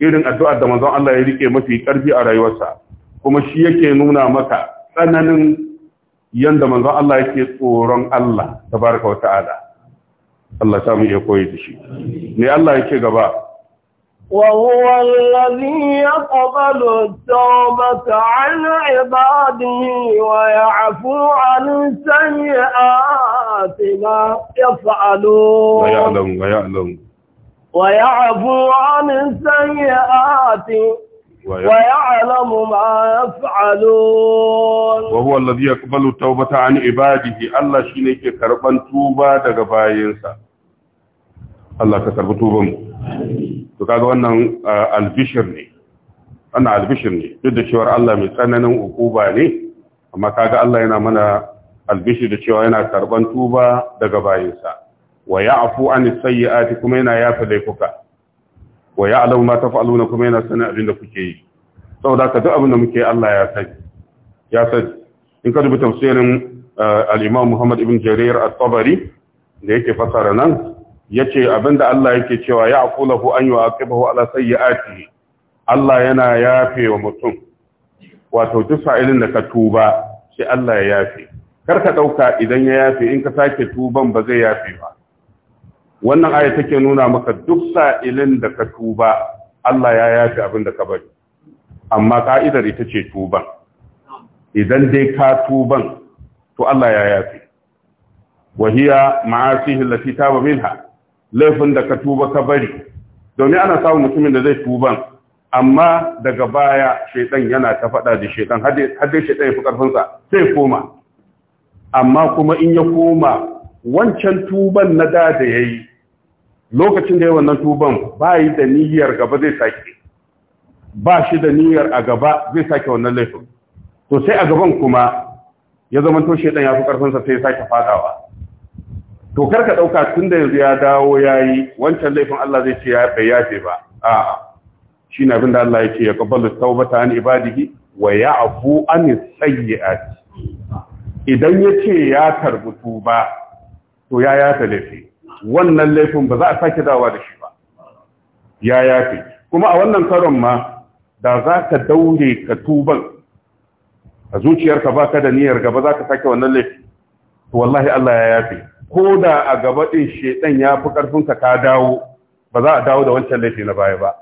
A: irin addu'ar da manzon Allah ya rike mafi karfi a rayuwarsa kuma shi yake nuna maka tsananin yanda manzon Allah yake tsoron Allah tabaraka wata'ala Allah samu iya koyi da shi ne Allah yake gaba
B: وهو الذي يقبل التوبة عن عباده ويعفو عن السيئات ما يفعلون ويعلم
A: ويعلم
B: ويعفو عن السيئات ويعلم ما يفعلون
A: وهو الذي يقبل التوبة عن عباده الله شيني كربان توبة daga bayinsa Allah ka karbi tuban to kaga wannan albishir ne wannan albishir ne duk da cewa Allah mai tsananin ukuba ne amma kaga Allah yana mana albishir da cewa yana karban tuba daga bayinsa wa ya'fu ani sayyi'ati kuma yana yafa laifuka wa ya'lamu ma taf'aluna kuma yana sanin abin kuke yi saboda ka duk abin da muke Allah ya sani ya sani in ka dubi tafsirin eh, al-Imam Muhammad ibn Jarir at-Tabari da yake fasara nan yace abinda Allah yake cewa lahu an yu'aqibahu ala sayyi'ati Allah yana yafe wa mutum wato duk sa'ilin da ka tuba sai Allah ya yafe kar ka dauka idan ya yafe in ka sake tuban ba zai yafe ba wannan aya take nuna maka duk sa'ilin da ka tuba Allah ya yafi abin da ka bari amma ka'idar ita ce tuban idan dai ka tuban to Allah ya yafi wahiya ma'asihi lati taba minha laifin da ka tuba ka bari domin ana samun mutumin da zai tuban amma daga baya shaidan yana ta faɗa da shaidan har dai shaidan ya fi ƙarfinsa sai koma amma kuma in ya koma wancan tuban na da da yayi lokacin da ya wannan tuban ba yi da niyyar gaba zai sake ba shi da niyyar a gaba zai sake wannan laifin to sai a gaban kuma ya zama to shedan ya fi karfinsa sai ya sake fadawa to karka dauka tun da yanzu ya dawo yayi wancan laifin Allah zai ce ya bai yafe ba a'a shine abin da Allah yake ya kabbalu taubata an ibadihi wa ya'fu an sayyi'ati idan yace ya karbu tuba to ya ta laifi wannan laifin ba za a sake dawa da shi ba ya yafe kuma a wannan karon ma da za ka daure ka tuban a zuciyarka ba ka da niyyar gaba za ka sake wannan laifin to wallahi Allah ya yafe ko da a gaba ɗin shedan ya fi ƙarfinka ka dawo ba za a dawo da wancan laifi na baya ba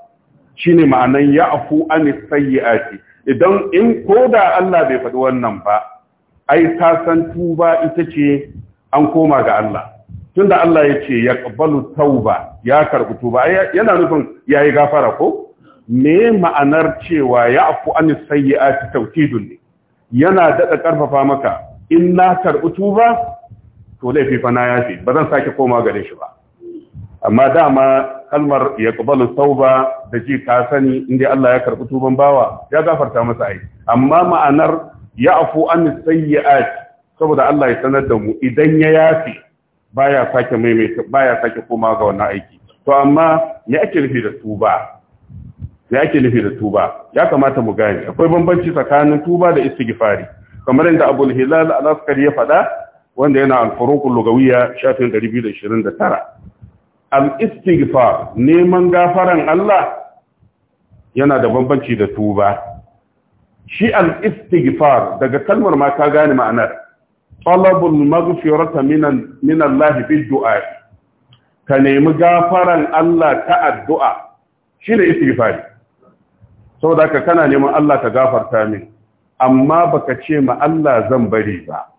A: shine ma'anan ya afu an sayyi'ati idan in ko da Allah bai faɗi wannan ba ai ta san tuba ita ce an koma ga Allah tunda Allah ya ce ya ƙabbalu tauba ya karɓi tuba yana nufin ya yi gafara ko me ma'anar cewa ya afu an sayi a ta tautidun ne yana daɗa ƙarfafa maka in na karɓi tuba to laifi fa na yafi ba zan sake koma gare shi ba amma dama kalmar ya ƙabbalu tauba da ji ka sani inda Allah ya karɓi tuban bawa ya gafarta masa ai amma ma'anar ya afu an sayi saboda Allah ya sanar da mu idan ya yafi baya sake maimaita baya sake koma ga wannan aiki to amma me ake nufi da tuba me ake nufi da tuba ya kamata mu gane akwai bambanci tsakanin tuba da istighfari kamar yadda Abu Hilal al-Askari ya faɗa wanda yana al-Furuqul Lugawiyya shafin 229 al-istighfar neman gafaran Allah yana da bambanci da tuba shi al-istighfar daga kalmar ma ka gane ma'anar talabul maghfirata min Allah bi du'a ka nemi gafaran Allah ta addu'a shine istighfari saboda ka kana neman Allah ka gafarta min amma baka ce ma Allah zan bari ba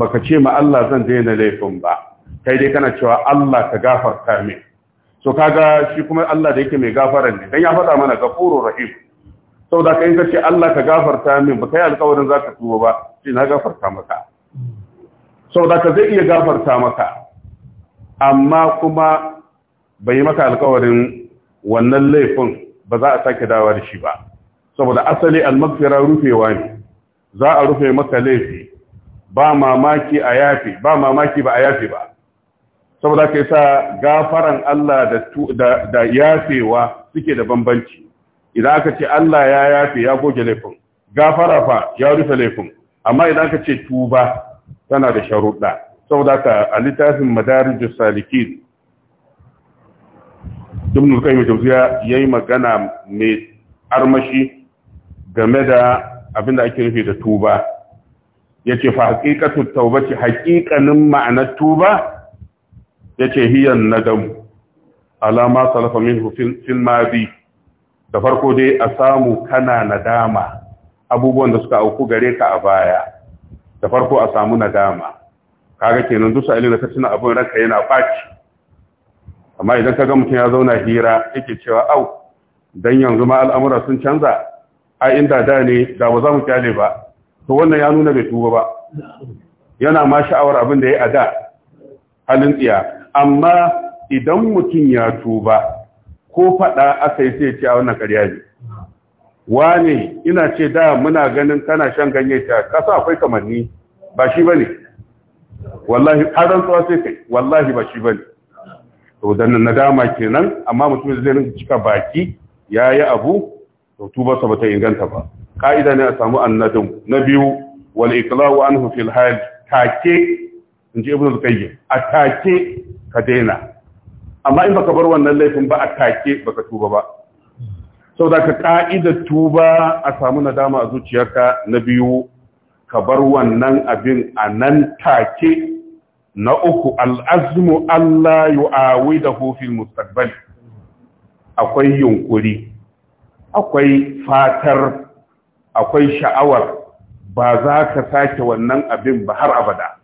A: baka ce ma Allah zan daina laifin ba kai dai kana cewa Allah ka gafarta min so kaga shi kuma Allah da yake mai gafaran ne dan ya faɗa mana gafurur rahim saboda ka ka ce Allah ka gafarta min ba kai alƙawarin za ka tuwo ba shi na gafarta maka saboda ka zai iya gafarta maka amma kuma bai yi maka alƙawarin wannan laifin ba za a sake dawa da shi ba saboda asali almaghfira rufewa ne za a rufe maka laifi ba mamaki a yafi ba mamaki ba a yafi ba saboda ka yi sa gafaran Allah da yafewa suke da bambanci idan aka ce Allah ya yafe ya goge laifin gafara fa ya rufe laifin amma idan aka ce tuba tana da sharuɗa saboda ka a littafin madarijus salikin ibn al-qayyim jawziya yayi magana mai armashi game da abin da ake nufi da tuba yace fa haqiqatu tawbati haqiqanin ma'anar tuba yace hiyan nadam alama salafa minhu fil madi da farko dai a samu kana nadama abubuwan da suka auku gare ka a baya da farko a samu nadama kaga kenan duk sa'ilin da ka tuna abin ranka yana baci amma idan ka ga mutum ya zauna hira yake cewa au dan yanzu ma al'amura sun canza a inda da ne da ba za mu kyale ba to wannan ya nuna bai tuba ba yana ma sha'awar abin da ya a da halin tsiya amma idan mutum ya tuba ko faɗa aka yi sai ce a wannan ƙarya ne wane ina ce da muna ganin kana shan ganye ta kasa akwai kamanni ba shi bane wallahi haran tsawa sai kai wallahi ba shi bane to dan nadama kenan amma mutum zai rinka cika baki yayi abu to tuba sa bata inganta ba kaida ne a samu annadum na biyu wal iqla'u anhu fil hal take inji ibnu al-qayyim atake ka daina amma in baka bar wannan laifin ba a take baka tuba ba sau da ka ƙa'ida tuba a samu nadama a zuciyarka na biyu ka bar wannan abin a nan take na uku al'azmu Allah yu'awi da hufin mustaqbal akwai yunkuri akwai fatar akwai sha'awar ba za ka sake wannan abin ba har abada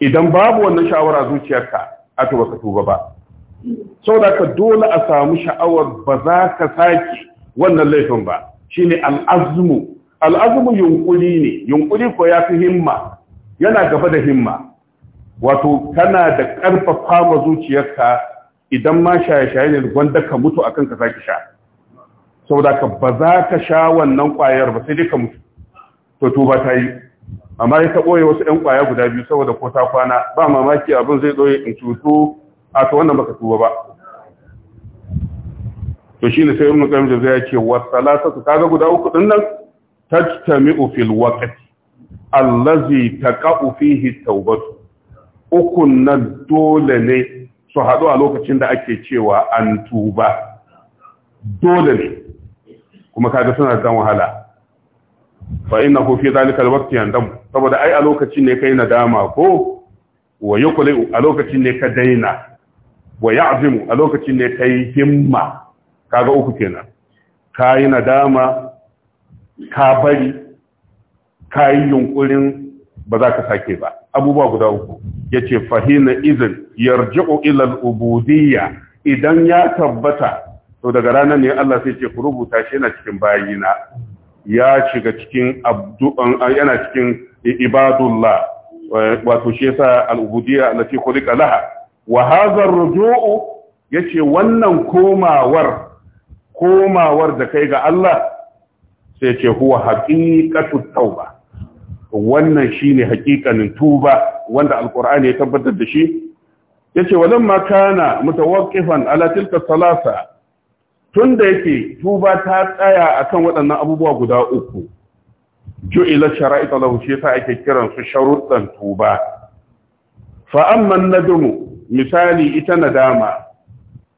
A: idan babu wannan sha'awar a zuciyarka a to baka tuba ba saboda ka dole a samu sha'awar ba za ka sake wannan laifin ba shine al'azmu al'azmu yunkuri ne yunkuri ko ya fi himma yana gaba da himma wato kana da ƙarfafa ma zuciyarka idan ma shaye-shaye ne gwanda ka mutu akan ka sake sha saboda ka ba za ka sha wannan ƙwayar ba sai dai ka mutu to tuba ta yi amma ya ka ɓoye wasu ‘yan ƙwaya guda biyu saboda ko ta kwana ba mamaki abin zai ɗoye in cutu a to wannan baka tuba ba to shine sai ibn qayyim da zai ce wa salatu kaga guda uku din nan tajtami'u fil waqti allazi taqa'u fihi tawbatu Uku nan dole ne su haɗu a lokacin da ake cewa an tuba dole ne kuma kaga suna da wahala fa innahu fi zalika alwaqti yandam saboda ai a lokacin ne kai nadama ko wa yuqli a lokacin ne ka daina wa ya'zimu a lokacin ne kai himma kaga uku kenan kayi nadama ka bari kayi yunkurin ba za ka sake ba abubuwa guda uku yace fahina izin yarji'u ila al-ubudiyya idan ya tabbata to daga ranar ne Allah sai ce ku rubuta shi yana cikin bayina ya shiga cikin abdu'an yana cikin ibadullah wato shi yasa al-ubudiyya allati khuliqa laha wa hazar ruju'u yace wannan komawar komawar da kai ga Allah sai ce huwa haqiqatu tauba wannan shine haqiqanin tuba wanda alqur'ani ya tabbatar da shi yace walamma kana mutawaqqifan ala tilka salasa tunda yake tuba ta tsaya akan waɗannan abubuwa guda uku ju'ila shara'ita lahu shi yasa ake kiran su sharuɗan tuba fa amma nadumu misali ita nadama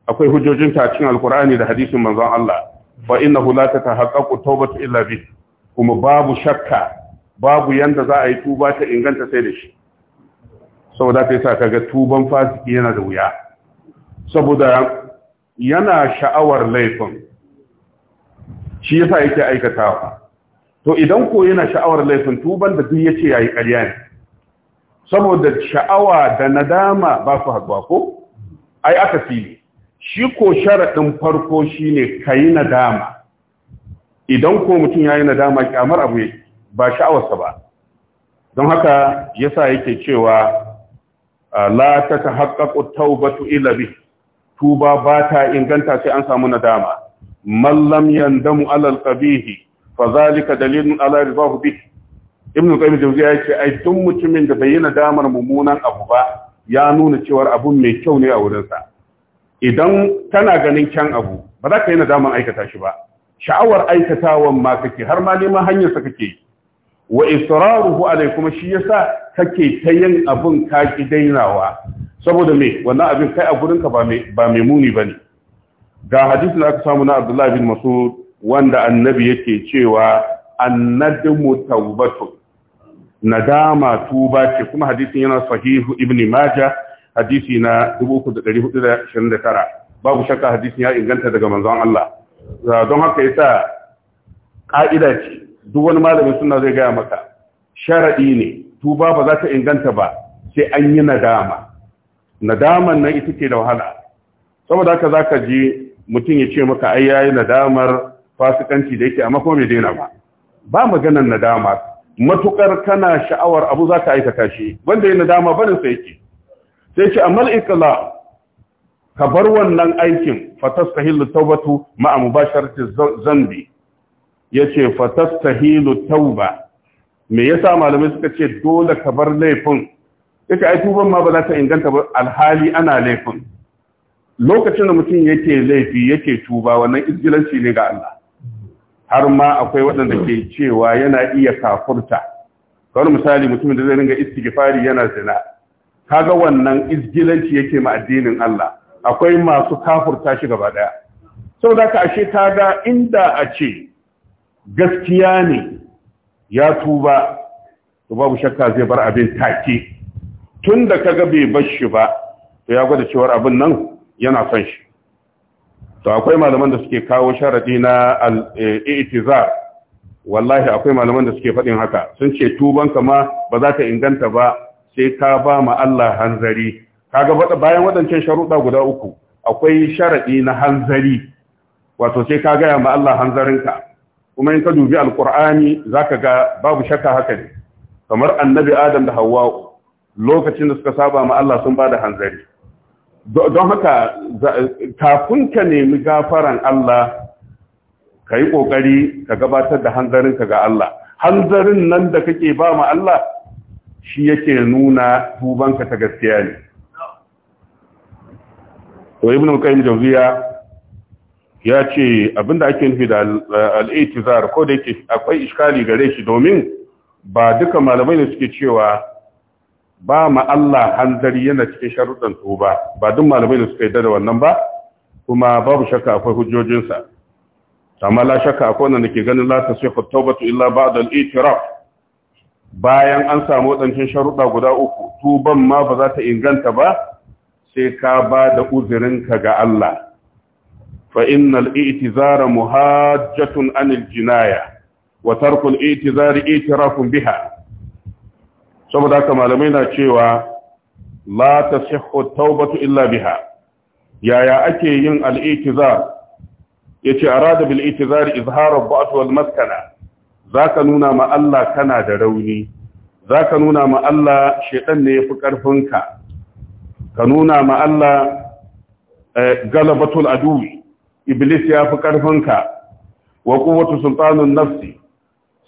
A: akwai hujjojin ta cikin alkur'ani da hadisin manzon Allah fa innahu la tatahaqqaqu tawbatu illa bih kuma babu shakka babu yanda za a yi tuba ta inganta sai da shi saboda kai sa kaga tuban fasiki yana da wuya saboda yana sha'awar laifin shi yasa yake aikatawa to idan ko yana sha'awar laifin tuban da duk yace yayi ƙarya ne saboda sha'awa da nadama ba su haɗuwa ko ai aka fi shi ko sharaɗin farko shine ka yi nadama idan ko mutum ya yi nadama kyamar abu ba sha'awarsa ba don haka yasa yake cewa ah, la ta ta haƙaƙo taubatu ilabi tuba ba ta inganta sai an samu nadama mallam yandamu alal qabihi fa zalika dalilun ala ridahu bihi ibnu qayyim jawziya ce, ai duk mutumin da bai yi damar mummunan abu ba ya nuna cewa abun mai kyau ne a wurinsa idan kana ganin kyan abu ba za ka yi nadamar aikata shi ba sha'awar aikatawan ma kake har ma neman hanyar sa kake wa israruhu alai kuma shi yasa kake ta yin abun ka ki dainawa saboda me wannan abin kai a gurinka ba mai ba mai muni bane ga hadisin da aka samu na Abdullah bin Mas'ud wanda annabi yake cewa annadmu tawbatu nadama tuba ce kuma hadisin yana sahihu ibn maja hadisi na 3429 babu shakka hadisin ya inganta daga manzon Allah don haka yasa ka'ida ce duk wani malamin sunna zai gaya maka sharadi ne tuba ba za ta inganta ba sai an yi nadama nadaman nan ita ce da wahala saboda haka zaka ji mutum ya ce maka ai yayi nadamar fasikanci da yake amma kuma bai daina ba ba maganar nadama matukar kana sha'awar abu za ka aikata shi wanda yana dama barin sa yake sai ce amal ikla ka bar wannan aikin fatastahilu taubatu ma'a mubasharati zambi yace fatastahilu tauba me yasa malamai suka ce dole ka bar laifin yace ai tuban ma ba za ta inganta ba alhali ana laifin lokacin da mutum yake laifi yake tuba wannan izgilanci ne ga Allah har ma akwai waɗanda ke cewa yana iya kafurta kawai misali mutumin da zai ringa istighfari yana zina kaga wannan izgilanci yake ma addinin Allah akwai masu kafurta shi gaba daya saboda ka ashe kaga inda a ce gaskiya ne ya tuba to babu shakka zai bar abin take tunda kaga bai bar shi ba to ya gwada cewa abin nan yana son shi to akwai malaman da suke kawo sharadi na al-i'tizar wallahi akwai malaman da suke faɗin haka sun ce tuban kama ba za ta inganta ba sai ka ba ma Allah hanzari kaga bayan waɗancan sharuɗa guda uku akwai sharadi na hanzari wato sai ka gaya ma Allah hanzarinka kuma in ka dubi alkur'ani zaka ga babu shakka haka ne kamar annabi adam da hawwa lokacin da suka saba ma Allah sun bada hanzari don haka kafin ka nemi gafaran Allah ka yi ƙoƙari ka gabatar da hanzarinka ga Allah hanzarin nan da kake ba ma Allah shi yake nuna dubanka ta gaskiya ne to ibn qayyim jawziya ya ce abinda ake nufi da al-i'tizar ko da yake akwai iskali gare shi domin ba duka malamai ne suke cewa ba ma Allah hanzari yana cikin sharuɗan tuba ba duk malamai da suka yi da wannan ba kuma babu shakka akwai hujjojinsa amma la shakka akwai wanda ke ganin la sai tawbatu illa ba'da al-i'tiraf bayan an samu wadancan sharuɗa guda uku tuban ma ba za ta inganta ba sai ka ba da uzurinka ga Allah fa innal i'tizara muhajjatun anil jinaya wa tarkul i'tizari i'tirafun biha saboda haka malamai na cewa la tasihhu taubatu illa biha yaya ake yin ya ce a arada bil i'tizar izhar al-ba'th wal maskana nuna ma Allah kana da rauni zaka nuna ma Allah shedan ne fi ƙarfinka? ka nuna ma Allah eh, galabatul adu iblis yafi ƙarfinka wa quwwatu sultanun nafsi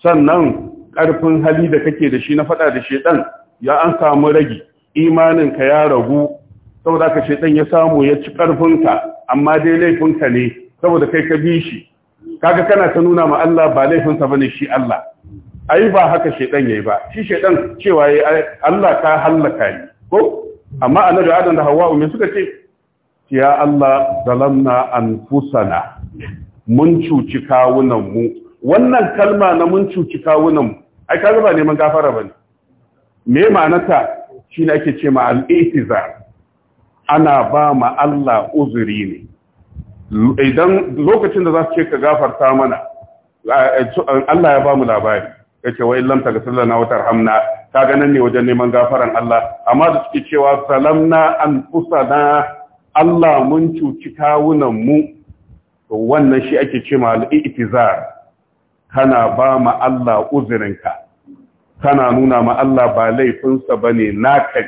A: sannan ƙarfin hali da kake da shi na faɗa da shedan ya an samu ragi imaninka ya ragu saboda ka shedan ya samu ya ci ƙarfinka amma dai laifinka ne saboda kai ka bi shi kaga kana ta nuna ma Allah ba laifinsa bane shi Allah ai ba haka ya yayi ba shi shedan cewa yayi Allah ka halaka ni ko amma annabi Adam da Hawwa me suka ce ya Allah zalamna anfusana mun cuci kawunan mu wannan kalma na mun cuci kawunan mu ai ka ba neman gafara bane me ma'anarta shine ake ce ma al-i'tizar ana ba ma Allah uzuri ne idan lokacin da za su ce ka gafarta mana Allah ya ba mu labari yace wa illam na wata tarhamna kaga nan ne wajen neman gafaran Allah amma da suke cewa salamna an anfusana Allah mun cuci kawunan mu wannan shi ake ce ma al-i'tizar kana ba ma Allah uzurinka kana nuna ma Allah ba laifinsa bane naka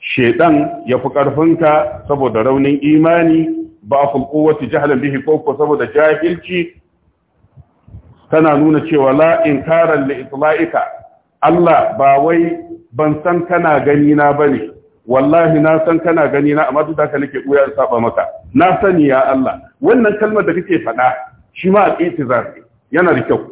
A: shedan ya fi ƙarfinka saboda raunin imani ba ful quwwati jahlan bihi ko ko saboda jahilci kana nuna cewa la inkaran li Allah ba wai ban san kana gani na bane wallahi na san kana gani na amma duk haka nake buya saba maka na sani ya Allah wannan kalmar da kake faɗa shi ma al-i'tizar yana da kyau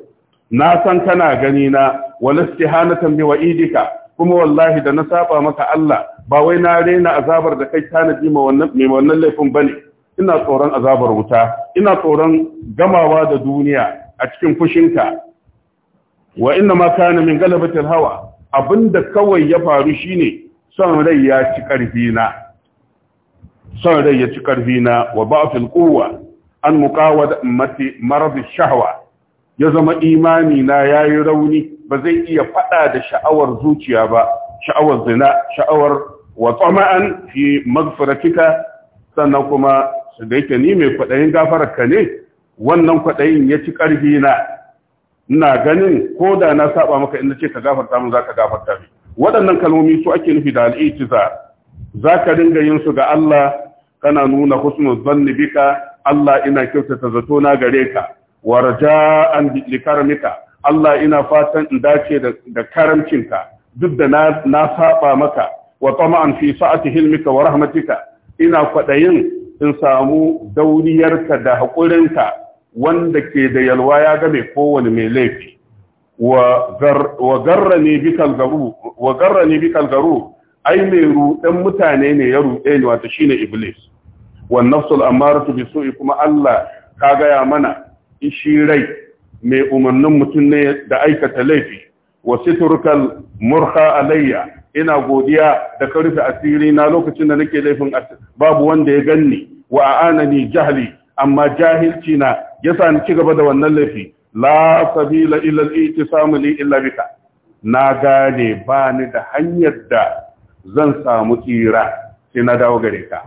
A: na san kana gani na wal istihanatan bi wa'idika kuma wallahi da na saba maka Allah ba wai na rena azabar da kai tanadi ma wannan mai wannan laifin bane ina tsoron azabar wuta ina tsoron gamawa da duniya a cikin fushinka wa inna ma kana min galabatil hawa abinda kawai ya faru shine son rai ya ci karfi na son rai ya ci karfi na wa ba'fil quwwa an muqawada ummati marad ash-shahwa ya zama imani na yayi rauni ba zai iya fada da sha'awar zuciya ba sha'awar zina sha'awar wa tsama'an fi magfiratika sannan kuma da yake ni mai kwaɗayin gafarar ka ne wannan kwaɗayin ya ci ƙarfi na ina ganin ko da na saba maka inda ce ka gafarta mun zaka gafarta ni waɗannan kalmomi su ake nufi da al'itiza za ka dinga yin su ga Allah kana nuna husnul zanni bika Allah ina kyautata zato na gare ka an raja'an Allah ina fatan in dace da karamcinka duk da na saba maka wa tama'an fi sa'ati hilmika wa rahmatika ina kwadayin in samu dauniyarka da haƙurinka wanda ke da yalwa ya ga mai kowane mai laifi wa garrani bikal garu wa garrani bikal garu ai mai ruɗan mutane ne ya ruɗe ni wato shine iblis wan nafsul amaratu bisu'i kuma Allah ka gaya mana ishi rai mai umarnin mutum ne da aikata laifi wa siturkal murha alayya ina godiya da ka asiri na lokacin da nake laifin babu wanda ya ganni wa anani jahli amma jahilci na yasa ni ci gaba da wannan laifi la sabila illa al-ittisamu li illa bika na gane ba ni da hanyar da zan samu tsira sai na dawo gare ka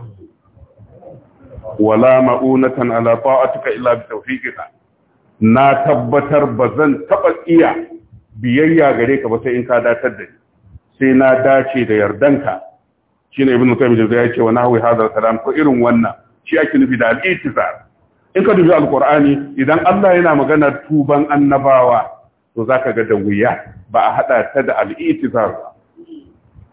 A: wala ma'unatan ala ta'atuka illa bi tawfiqika na tabbatar ba zan taɓa iya biyayya gare ka ba sai in ka datar da ni sai na dace da yardanka shi ne ibn da ya ce wa nahwi hadha salam ko irin wannan shi ake nufi da al in ka dubi alkur'ani idan Allah yana magana tuban annabawa to zaka ga da wuya ba a hada ta da al ba.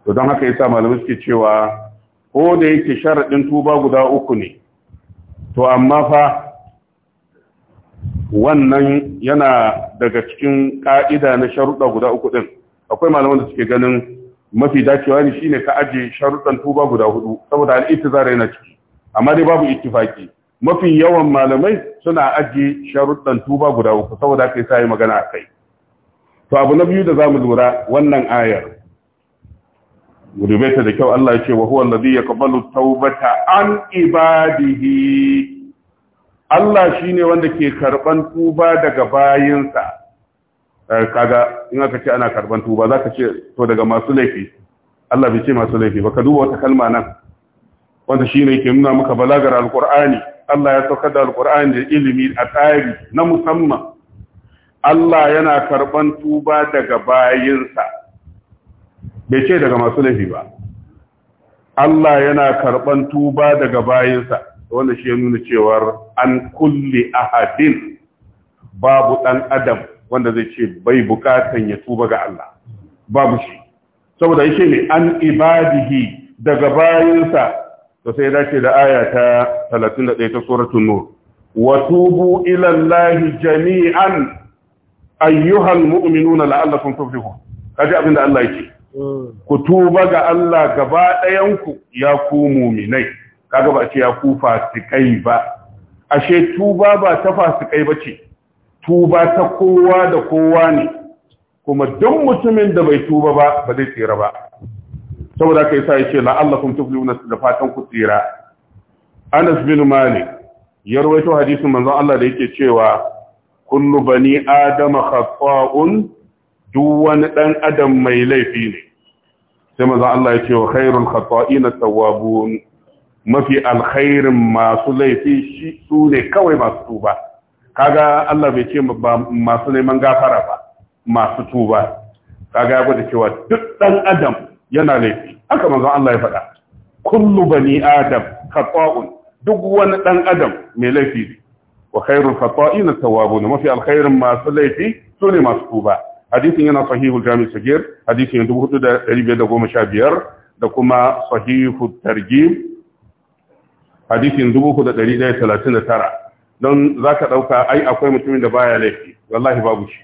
A: to don haka yasa malamai suke cewa ko da yake sharadin tuba guda uku ne to amma fa wannan yana daga cikin ka'ida na sharuɗa guda uku ɗin akwai malaman da suke ganin mafi dacewa ne shine ka aje sharuɗan tuba guda hudu saboda ita yana ciki amma dai babu ittifaki mafi yawan malamai suna aje sharuɗan tuba guda uku saboda kai yi magana a kai. to abu na biyu da zamu lura wannan ayar gudubeta da kyau Allah ya ce wa huwa allazi yaqbalu tawbata an ibadihi Allah shi ne wanda ke karɓan tuba daga bayinsa eh, kaga in aka ce ana karɓan tuba ka ce to daga masu laifi Allah bai ce masu laifi ba ka duba wata kalma nan wanda ne ke nuna muka balagar alqur'ani Allah ya saukar da alqur'ani da ilimi a tsari na musamman Allah yana karɓan tuba daga bayinsa bai ce daga masu laifi ba Allah yana karɓan tuba daga bayinsa wanda shi ya nuna cewar an kulli ahadin babu dan adam wanda zai ce bai bukatan ya tuba ga Allah babu shi saboda yake ne an ibadihi daga bayinsa to sai dace da aya ta 31 ta suratul nur wa tubu ila allahi jami'an ayyuhal mu'minuna la'allakum tuflihun kaji abinda Allah yake hmm. ku tuba ga Allah gaba ɗayan ku ya ku mu'minai kaga ba ce ya ku fasikai ba ashe tuba ba ta fasikai ba ce tuba ta kowa da kowa ne kuma duk mutumin da bai tuba ba ba zai tsira ba saboda kai sa yace la'allakum tuflihuna da fatan ku tsira Anas bin Malik ya rawaito hadisin manzon Allah da yake cewa kullu bani adama khata'un duk wani dan adam mai laifi ne sai manzon Allah ya ce wa khairul khata'ina tawwabun mafi alkhairin masu laifi su ne kawai masu tuba kaga Allah bai ce ba masu neman gafara ba masu tuba kaga ya gwada cewa duk dan adam yana laifi haka manzon Allah ya faɗa kullu bani adam khata'un duk wani dan adam mai laifi wa khairul khata'ina tawwabun mafi alkhairin masu laifi su ne masu tuba hadisin yana sahihul jami' sagir hadisin 4515 da kuma sahihut tarjim hadisin tara don za ka ɗauka ai akwai mutumin da baya laifi wallahi babu shi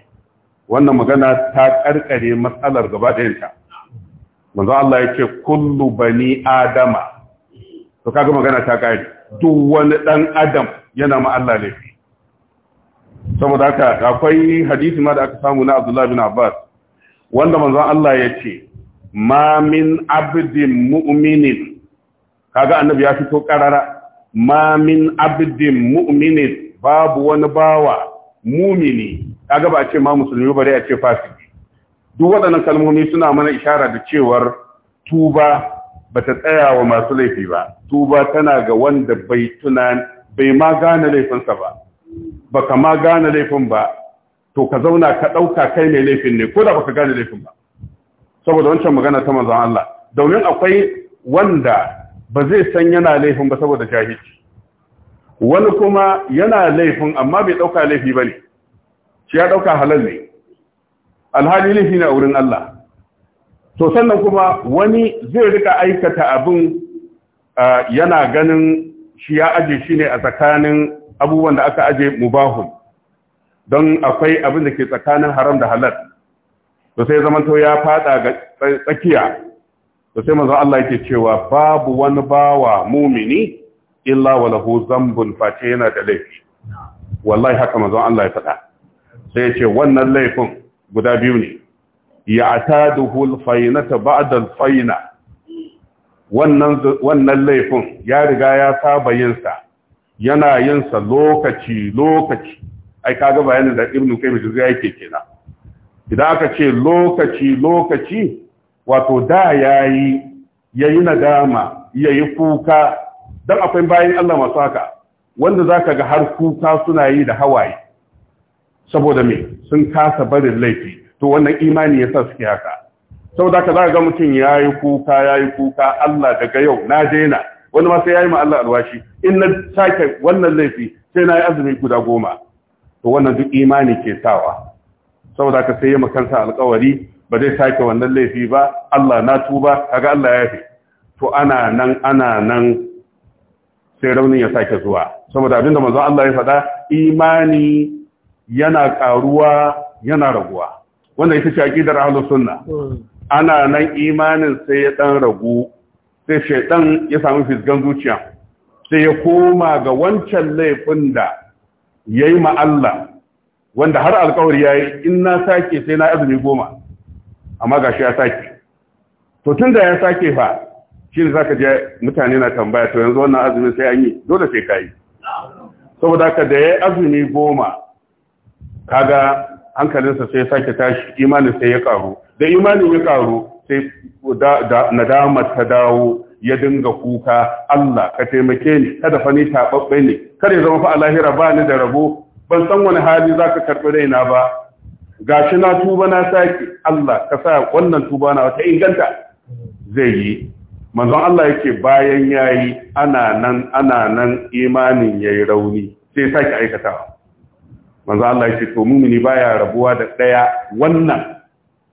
A: wannan magana ta ƙarƙare matsalar gaba ɗayanta manzo Allah ya ce kullu bani adama to kaga magana ta ƙare duk wani ɗan adam yana ma Allah laifi saboda haka akwai hadisi ma da aka samu na Abdullah bin Abbas wanda manzon Allah ya ce ma min abdin mu'minin kaga annabi ya fito karara ma min abdin mu'minin babu wani bawa mumini kaga ba a ce ma musulmi bare a ce fasiki duk waɗannan kalmomi suna mana ishara da cewar tuba bata tsaya wa masu laifi ba tuba tana ga wanda bai tunan bai ma gane laifinsa ba baka ma gane laifin ba to ka zauna ka ɗauka kai mai laifin ne ko da baka gane laifin ba saboda wancan magana ta manzon Allah domin akwai wanda ba zai san yana laifin ba saboda jahilci wani kuma yana laifin amma bai dauka laifi bane shi ya dauka halal ne alhali laifi na wurin Allah to sannan kuma wani zai rika aikata abin yana ganin shi ya aje shi ne a tsakanin abubuwan da aka aje mubahun don akwai abin da ke tsakanin haram da halal to sai zamanto ya fada ga tsakiya to sai manzo Allah yake cewa babu wani bawa mumini illa walahu zambun face yana da laifi wallahi haka manzo Allah ya faɗa sai yace wannan laifin guda biyu ne ya'taduhu al-faynata ba'da al wannan wannan laifin ya riga ya saba yin sa yana yin sa lokaci lokaci ai kaga bayanin da ibnu Qayyim zai yake kenan idan aka ce lokaci lokaci wato da yayi yayi nadama yayi kuka dan akwai bayan Allah masu haka wanda zaka ga har kuka suna yi da hawaye saboda me sun kasa barin laifi to wannan imani yasa suke haka saboda haka zaka ga mutum yayi kuka yayi kuka Allah daga yau na daina wani ma sai yayi ma Allah alwashi in na sake wannan laifi sai na yi azumi guda goma to wannan duk imani ke sawa saboda haka sai ya makansa alkawari ba zai sake wannan laifi ba Allah na tuba kaga Allah ya yafe to ana nan ana nan sai raunin ya sake zuwa saboda abinda manzo Allah ya faɗa imani yana karuwa yana raguwa wannan ita ce aqidar ahlus sunna ana nan imanin sai ya dan ragu sai shaytan ya samu fisgan zuciya sai ya koma ga wancan laifin da yayi ma Allah wanda har alƙawari yayi in na sake sai na azumi goma amma shi ya sake to tun da ya sake fa shi ne zaka je mutane na tambaya to yanzu wannan azumin sai an yi dole sai kai saboda haka da ya azumi goma ka ga hankalinsa sai ya sake tashi imanin sai ya karu da imanin ya karu sai nadama ta dawo ya dinga kuka Allah ka taimake ni kada fa ni tababbe ne kada zama fa a lahira ba ni da rabo ban san wani hali zaka karɓi raina ba gashi na tuba na sake Allah ka sa wannan tuba na wata inganta zai yi manzon Allah yake bayan yayi ana nan ana nan imanin yayi rauni sai sake aikatawa manzon Allah yake to mumini baya rabuwa da daya wannan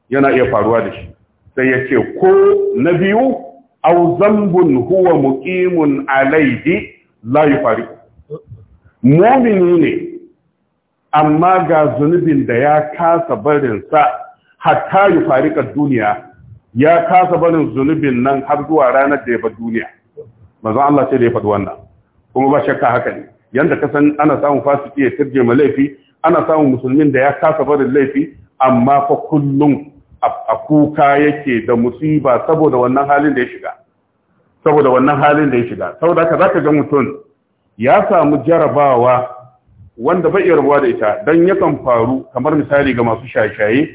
A: yana iya faruwa da shi sai yace ko na biyu aw zambun huwa muqimun alayhi la yufariqu mumini ne amma ga zunubin da ya kasa barinsa hatta yi farika duniya ya kasa barin zunubin nan har zuwa ranar da ya bar duniya mazan Allah ce da ya faɗi wannan kuma ba shakka haka ne yanda ka san ana samun fasiki ya tirje ma laifi ana samun musulmin da ya kasa barin laifi amma fa kullum a kuka yake da musiba saboda wannan halin da ya shiga saboda wannan halin da ya shiga saboda haka zaka ga mutum ya samu jarabawa wanda bai iya rabuwa da ita don yakan faru kamar misali ga masu shashaye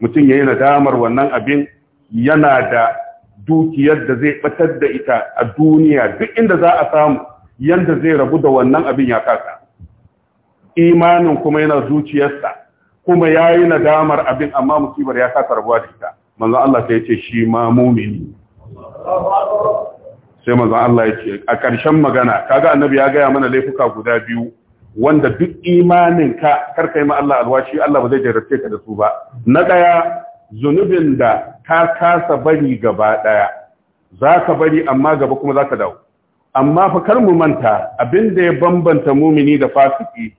A: mutum ya yi nadamar wannan abin yana da dukiyar da zai batar da ita a duniya duk inda za a samu yadda zai rabu da wannan abin ya kasa imanin kuma yana zuciyarsa kuma ya yi nadamar abin amma musibar ya kasa rabuwa da ita manzo Allah sai ya ce shi ma mumini sai manzo Allah ya ce a ƙarshen magana kaga annabi ya gaya mana laifuka guda biyu wanda duk imaninka kar yi ma Allah alwashi Allah ba zai jarrace ka da su ba na ɗaya, zunubin da ka kasa bari gaba daya zaka bari amma gaba kuma za ka dawo amma fa kar mu manta abinda ya bambanta mumini da fasiki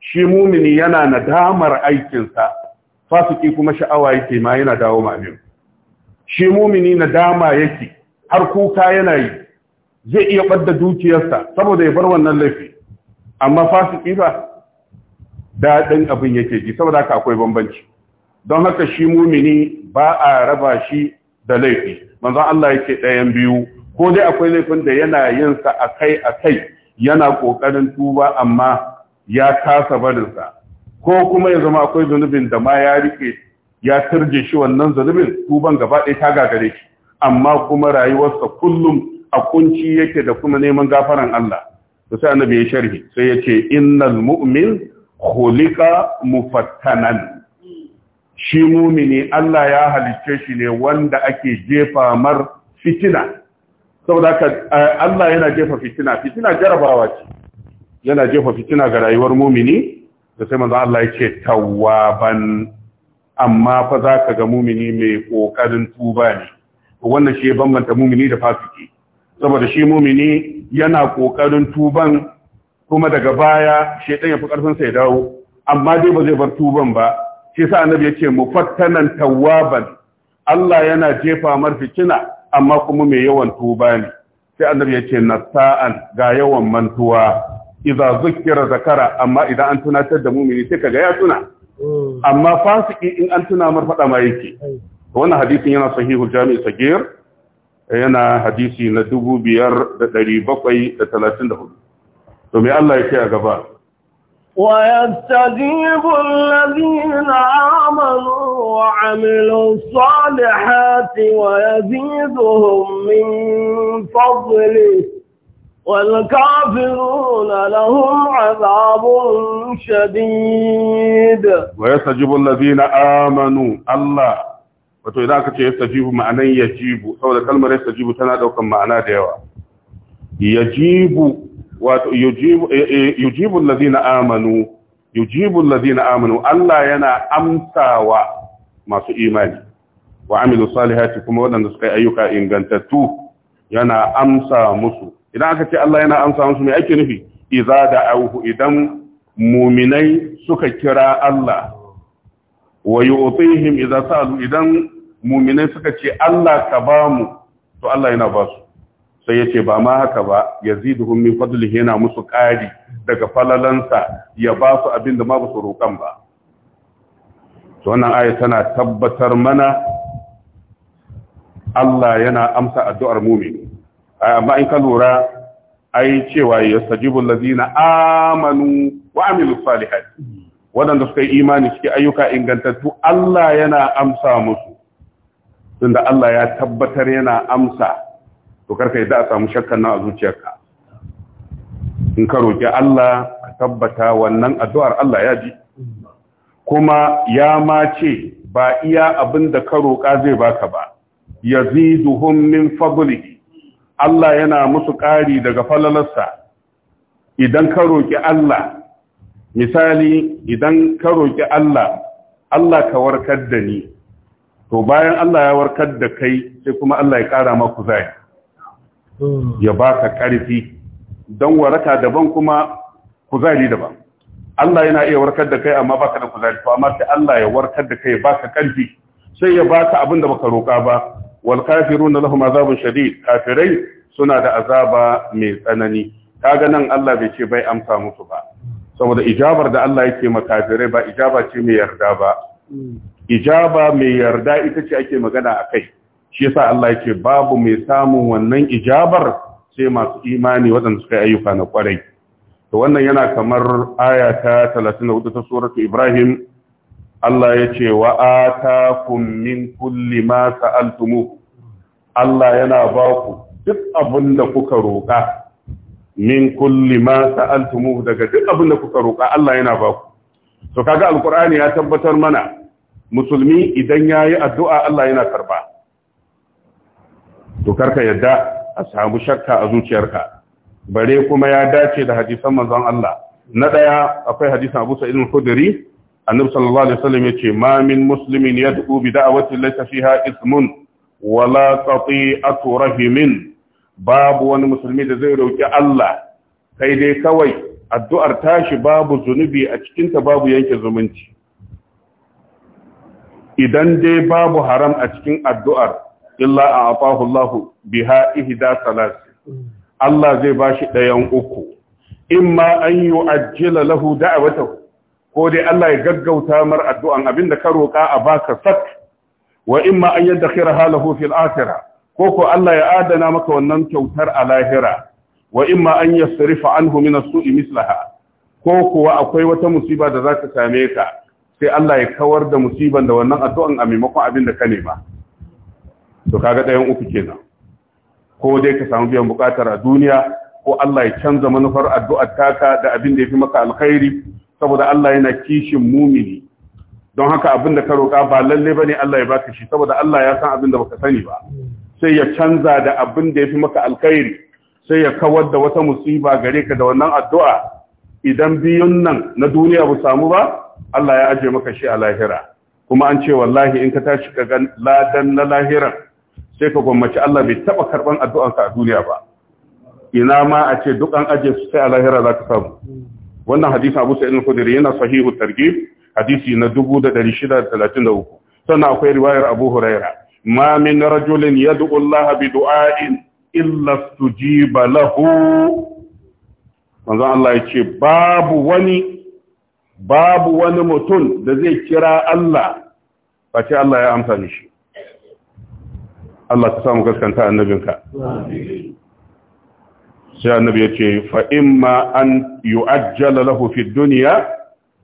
A: shi mumini yana nadamar aikinsa fasiki kuma sha'awa yake ma yana dawo ma ne shi mumini nadama yake har kuka yana yi zai iya ɓadda dukiyarsa saboda ya bar wannan laifi amma fasiki ba daɗin abin yake ji saboda haka akwai bambanci don haka shi mumini ba a raba shi da laifi manzon Allah yake ɗayan biyu ko dai akwai laifin da yana yin sa akai akai yana kokarin tuba amma ya kasa barin sa ko kuma ya zama akwai zunubin da ma ya rike ya turje shi wannan zunubin tuban gaba ɗaya ta gagare shi amma kuma rayuwarsa kullum a kunci yake da kuma neman gafaran Allah to sai annabi ya sharhi sai ya ce innal mu'min khuliqa mufattanan shi mumini Allah ya halicce shi ne wanda ake jefa mar fitina saboda haka eh, Allah yana jefa fitina fitina jarabawa ce yana jefa fitina ga rayuwar mumini da sai manzo Allah ya ce tawwaban amma fa zaka ga mumini mai kokarin tuba ne wannan shi ya bambanta mumini da fasiki saboda shi mumini yana ƙoƙarin tuban kuma daga baya shaidan ya fi ƙarfinsa ya dawo amma dai ba zai bar tuban ba shi sa annabi ya ce fattanan tawaban Allah yana jefa mar fitina amma kuma mai yawan tuba ne sai annabi ya ce nasa'an ga yawan mantuwa idza zikira zakara amma idan an tunatar da mumini sai kaga ya tuna mm. amma fasiki in an tuna mar fada ma yake wannan hadisin yana sahihul Jami sagir yana hadisi na dubu biyar da da bakwai talatin 5734 to me Allah yake a gaba
B: ويستجيب الذين آمنوا وعملوا الصالحات ويزيدهم من فضله والكافرون لهم عذاب شديد
A: ويستجيب الذين آمنوا الله wato idan aka ce yastajibu ma'anan yajibu saboda kalmar yastajibu tana daukan ma'ana da yawa yajibu wato yujibu eh, eh, allazina amanu yujibu allazina amanu Allah yana amsawa masu imani wa amilu salihati kuma wadanda suka yi ayyuka ingantattu yana amsa musu idan aka ce Allah yana amsa musu me ake nufi idza da'awhu idan muminai suka kira Allah wa yu'tihim idza salu idan muminai suka ce Allah ka ba mu to Allah yana ba su sai ya ce ba ma haka ba ya ziduhun min fadlihi yana musu ƙari daga falalansa ya ba su abin da ma ba su roƙan ba to wannan aya tana tabbatar mana Allah yana amsa addu'ar mumini amma in ka lura ai cewa yastajibu allazina amanu wa amilu salihat wadanda suka yi imani suke ayyuka ingantattu Allah yana amsa musu tunda Allah ya tabbatar yana amsa to karka yi a samu shakkan na a zuciyarka in ka roƙi Allah ka tabbata wannan addu'ar Allah ya ji kuma ya ma ce ba iya abinda ka roka zai baka ba ya min fadlihi Allah yana musu ƙari daga falalarsa idan ka roƙi Allah misali idan ka roki Allah Allah ka warkar da ni to bayan Allah ya warkar da kai sai kuma Allah ya ƙara ma kuzari ya baka ƙarfi don waraka daban kuma kuzari daban Allah yana iya warkar da kai amma baka da kuzari to amma sai Allah ya warkar da kai baka ƙarfi sai ya baka abin da baka roka ba wal kafiruna lahum azabun shadid kafirai suna da azaba mai tsanani kaga nan Allah bai ce bai amsa musu ba saboda ijabar da Allah yake ma kafirai ba ijaba ce mai yarda ba ijaba mai yarda ita ce ake magana a kai shi yasa Allah yake babu mai samun wannan ijabar sai masu imani waɗanda suka yi ayyuka na kwarai to wannan yana kamar aya ta 34 ta suratu Ibrahim Allah ya ce wa atakum min kulli ma sa'altumu Allah yana ba ku duk abin da kuka roƙa min kulli ma sa'altumu daga duk abin da kuka roƙa Allah yana ba ku to kaga alqur'ani ya tabbatar mana musulmi idan ya yi addu'a Allah yana karba to ka yadda a samu shakka a zuciyarka bare kuma ya dace da hadisan manzon Allah na ɗaya akwai hadisan abu sa'idin hudari annabi sallallahu alaihi wasallam mamin ma min muslimin yad'u bi da'watin laysa fiha ismun wala qati'atu rahimin babu wani musulmi da zai roki Allah kai dai kawai addu'ar tashi babu zunubi a cikinta babu yanke zumunci idan dai babu haram a cikin addu'ar illa a afahu biha Ihida salas Allah zai bashi ɗayan uku ma an yu'ajjila lahu da'watahu ko dai Allah ya gaggauta mar addu'an abinda ka roƙa a baka sak wa ma an yadkhiraha lahu fil akhirah ko ko Allah ya adana maka wannan kyautar a lahira wa ma an yasrifa anhu min as-su'i mislaha ko kuwa akwai wata musiba da za ka same ka sai Allah ya kawar da musiban da wannan addu'an a maimakon abin da ka nema to kaga ɗayan uku kenan ko dai ka samu biyan bukatar a duniya ko Allah ya canza manufar addu'ar taka da abin da ya fi maka alkhairi saboda Allah yana kishin mumini don haka abin da ka roƙa ba lalle bane Allah ya baka shi saboda Allah ya san abin da baka sani ba sai ya canza da abin da ya fi maka alkhairi sai ya kawar da wata musiba gare ka da wannan addu'a idan biyun nan na duniya ba samu ba Allah ya aje maka shi a lahira kuma an ce wallahi in ka tashi ka ga ladan na lahiran sai ka gwammaci Allah bai taba karban addu'anka a duniya ba ina ma a ce duk an aje su sai a lahira za ka samu wannan hadisi Abu Sa'id al-Khudri yana sahihu targhib hadisi na 1633 sannan akwai riwayar Abu Huraira ma min rajulin yad'u Allah bi du'a'in illa stujiba lahu manzon Allah yace babu wani babu wani mutum da zai kira Allah face Allah ya amsa mishi Allah ta samu gaskanta annabinka sai annabi ya ce fa imma an yi lahu fi duniya,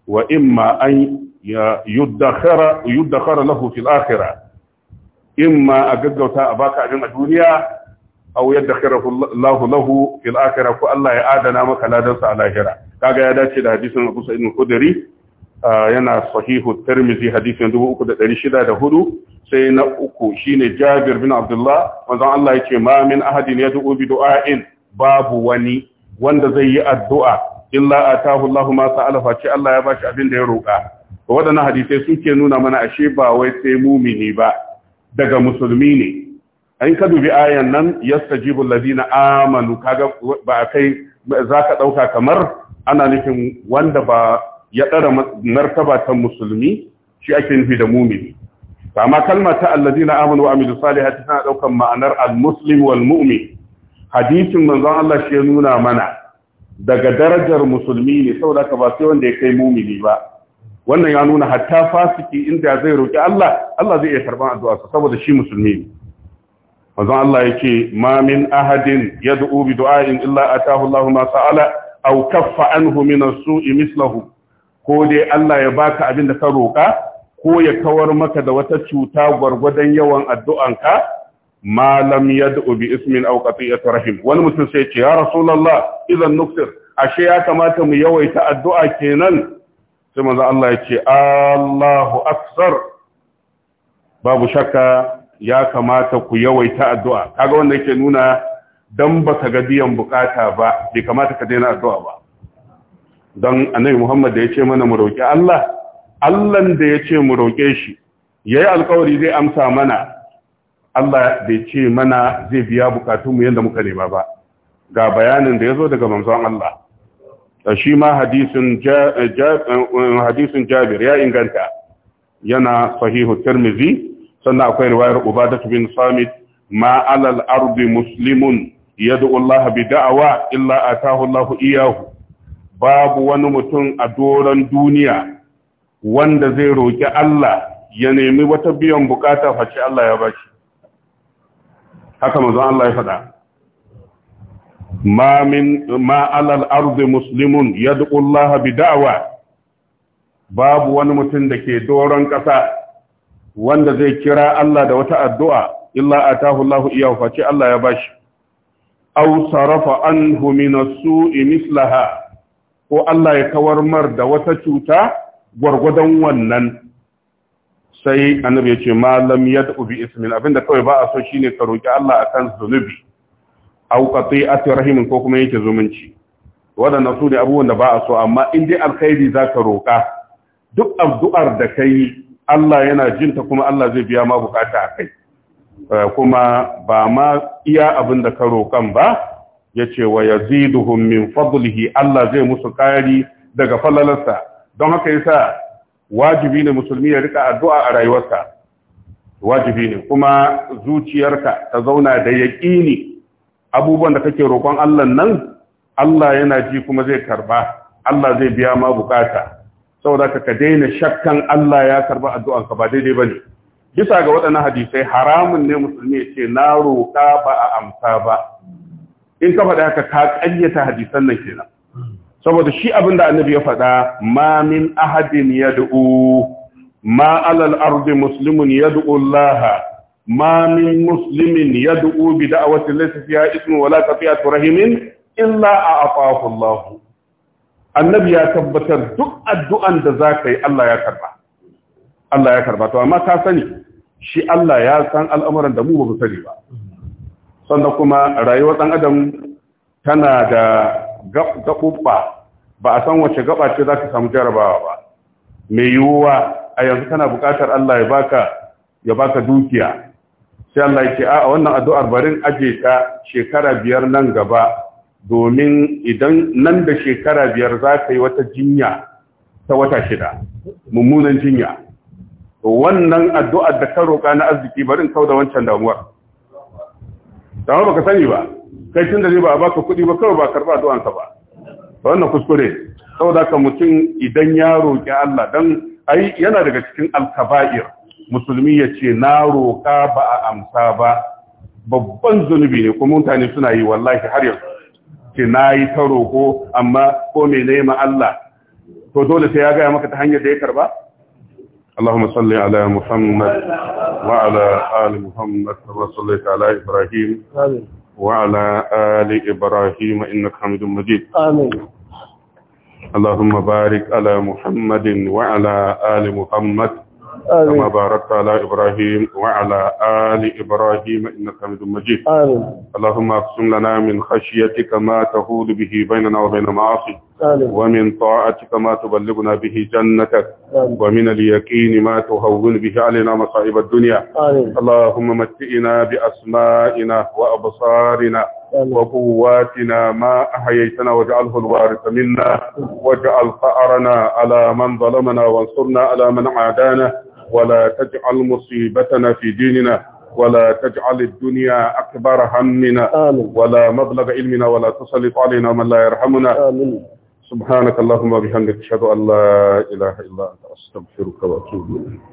A: wa imma an yi yuddakhara lahu fi imma a gaggauta a baka abin a duniya aw yadkhirahu Allahu lahu fil ko Allah ya adana maka ladarsa sa a lahira kaga ya dace da hadisin Abu Sa'id al-Khudri yana sahihu Tirmidhi hadisin 3604 sai na uku shine Jabir bin Abdullah manzon Allah yake ma min ahadin yad'u bi du'ain babu wani wanda zai yi addu'a illa atahu Allahu ma sa'ala fa ce Allah ya bashi abin da ya roka wadannan hadisai suke nuna mana ashe ba wai sai mumini ba daga musulmi ne an ka dubi ayan nan yastajibu alladhina amanu kaga ba kai zaka dauka kamar ana nufin wanda ba ya dara martaba ta musulmi shi ake nufi da mumini amma kalmar ta alladhina amanu wa amilu salihati tana daukan ma'anar al-muslim wal mu'min hadisin manzon Allah shi ya nuna mana daga darajar musulmi ne saboda ka ba sai wanda ya kai mumini ba wannan ya nuna hatta fasiki inda zai roki Allah Allah zai iya karban addu'a saboda shi musulmi ne manzon Allah yake ma min ahadin yad'u bi du'ain illa atahu Allahu ma sa'ala aw kaffa anhu min as-su'i mislahu ko dai Allah ya baka abin da ka roka ko ya kawar maka da wata cuta gwargwadon yawan addu'anka ma lam yad'u bi ismin aw qati'at rahim wani mutum sai ce ya rasulullah idan nuktir ashe ya kamata mu yawaita addu'a kenan sai manzon Allah ya ce Allahu akbar babu shakka ya kamata ku yawaita addu'a kaga wanda yake nuna dan baka ga biyan bukata ba bai kamata ka daina addu'a ba dan annabi Muhammad da yace mana mu roki Allah Allah da yace mu roke shi yayi alƙawari zai amsa mana Allah da ce mana zai biya bukatun mu yadda muka nema ba ga bayanin da yazo daga manzon Allah shi ma hadisin eh, hadisin Jabir ya inganta yana sahihu Tirmidhi sannan akwai riwayar ubadatu bin samit ma alal ardi muslimun yad'u Allah bi da'awa illa atahu Allah iyahu babu wani mutum a doron duniya wanda zai roki Allah ya nemi wata biyan bukata face Allah ya bashi haka manzon Allah ya faɗa ma min ma alal ardi muslimun yad'u Allah bi babu wani mutum da ke doron ƙasa wanda zai kira Allah da wata addu'a illa atahu Allah iyahu face Allah ya bashi aw sarafa anhu min as-su'i mislaha ko Allah ya kawar mar da wata cuta gwargwadon wannan sai annabi ya ce malam yad'u bi ismin abinda kawai ba a so shine ka roki Allah akan zunubi aw qati'ati rahimin ko kuma yake zumunci wadannan su ne abubuwan da ba a so amma in dai alkhairi zaka roka duk addu'ar da kai Allah yana jinta kuma Allah zai biya ma bukata a kai eh, kuma ba ma iya abin da ka roƙan ba ya ce wa ya min fadlihi Allah zai musu kari daga falalarsa don haka yasa wajibi ne musulmi ya rika addu'a a rayuwarsa wajibi ne kuma zuciyarka ta zauna da yaƙini abubuwan da kake roƙon Allah nan Allah yana ji kuma zai karba Allah zai biya ma bukata saboda ka ka daina shakkan Allah ya karba addu'anka ba daidai bane bisa ga waɗannan hadisai haramun ne musulmi ya ce na roƙa ba a amsa ba in ka faɗa haka ka ƙayyata hadisan nan kenan saboda shi abin da annabi ya faɗa ma min ahadin yad'u ma alal ardi muslimun yad'u Allah ma min muslimin yad'u bi da'awati laysa ismu wala qati'atu rahimin illa a'tahu Allah annabi ya tabbatar duk addu'an da za ka yi Allah ya karba Allah ya karba to amma ka sani shi Allah ya san al'amuran da mu ba mu sani ba sannan kuma rayuwar ɗan adam tana da gaɓuɓɓa ba a san wace gaba ce za ka samu jarabawa ba mai yiwuwa a yanzu kana buƙatar Allah ya baka ya baka dukiya sai Allah ya ce a wannan addu'ar barin aje ta shekara biyar nan gaba domin idan nan da shekara biyar za ka yi wata jinya ta wata shida mummunan jinya wannan addu'ar da ka roƙa na arziki bari in da wancan damuwar ba baka sani ba kai tun da ne ba a baka kuɗi ba kawai ba karɓa addu'arsa ba wannan kuskure saboda ka mutum idan ya roƙi Allah don ai yana daga cikin alkaba'ir musulmi ya ce na roƙa ba a amsa ba babban zunubi ne kuma mutane suna yi wallahi har yanzu ke na yi ta roƙo amma ko mai ma Allah to dole ta ya gaya maka ta hanyar da ya karba? Allahumma salli ala Muhammad wa ali Muhammad wa salli Ibrahim wa ali Ibrahim inna hamidun majid. Allahumma barik ala Muhammadin wa ali Muhammad. كما باركت على إبراهيم وعلى آل إبراهيم إنك حميد مجيد آمين. اللهم اقسم لنا من خشيتك ما تهول به بيننا وبين معاصي ومن طاعتك ما تبلغنا به جنتك ومن اليقين ما تهون به علينا مصائب الدنيا آمين. اللهم متئنا بأسمائنا وأبصارنا وقواتنا ما أحييتنا واجعله الوارث منا واجعل فأرنا على من ظلمنا وانصرنا على من عادانا ولا تجعل مصيبتنا في ديننا ولا تجعل الدنيا أكبر همنا ولا مبلغ علمنا ولا تسلط علينا من لا يرحمنا آمين. سبحانك اللهم وبحمدك اشهد أن لا إله إلا أنت أستغفرك وأتوب إليك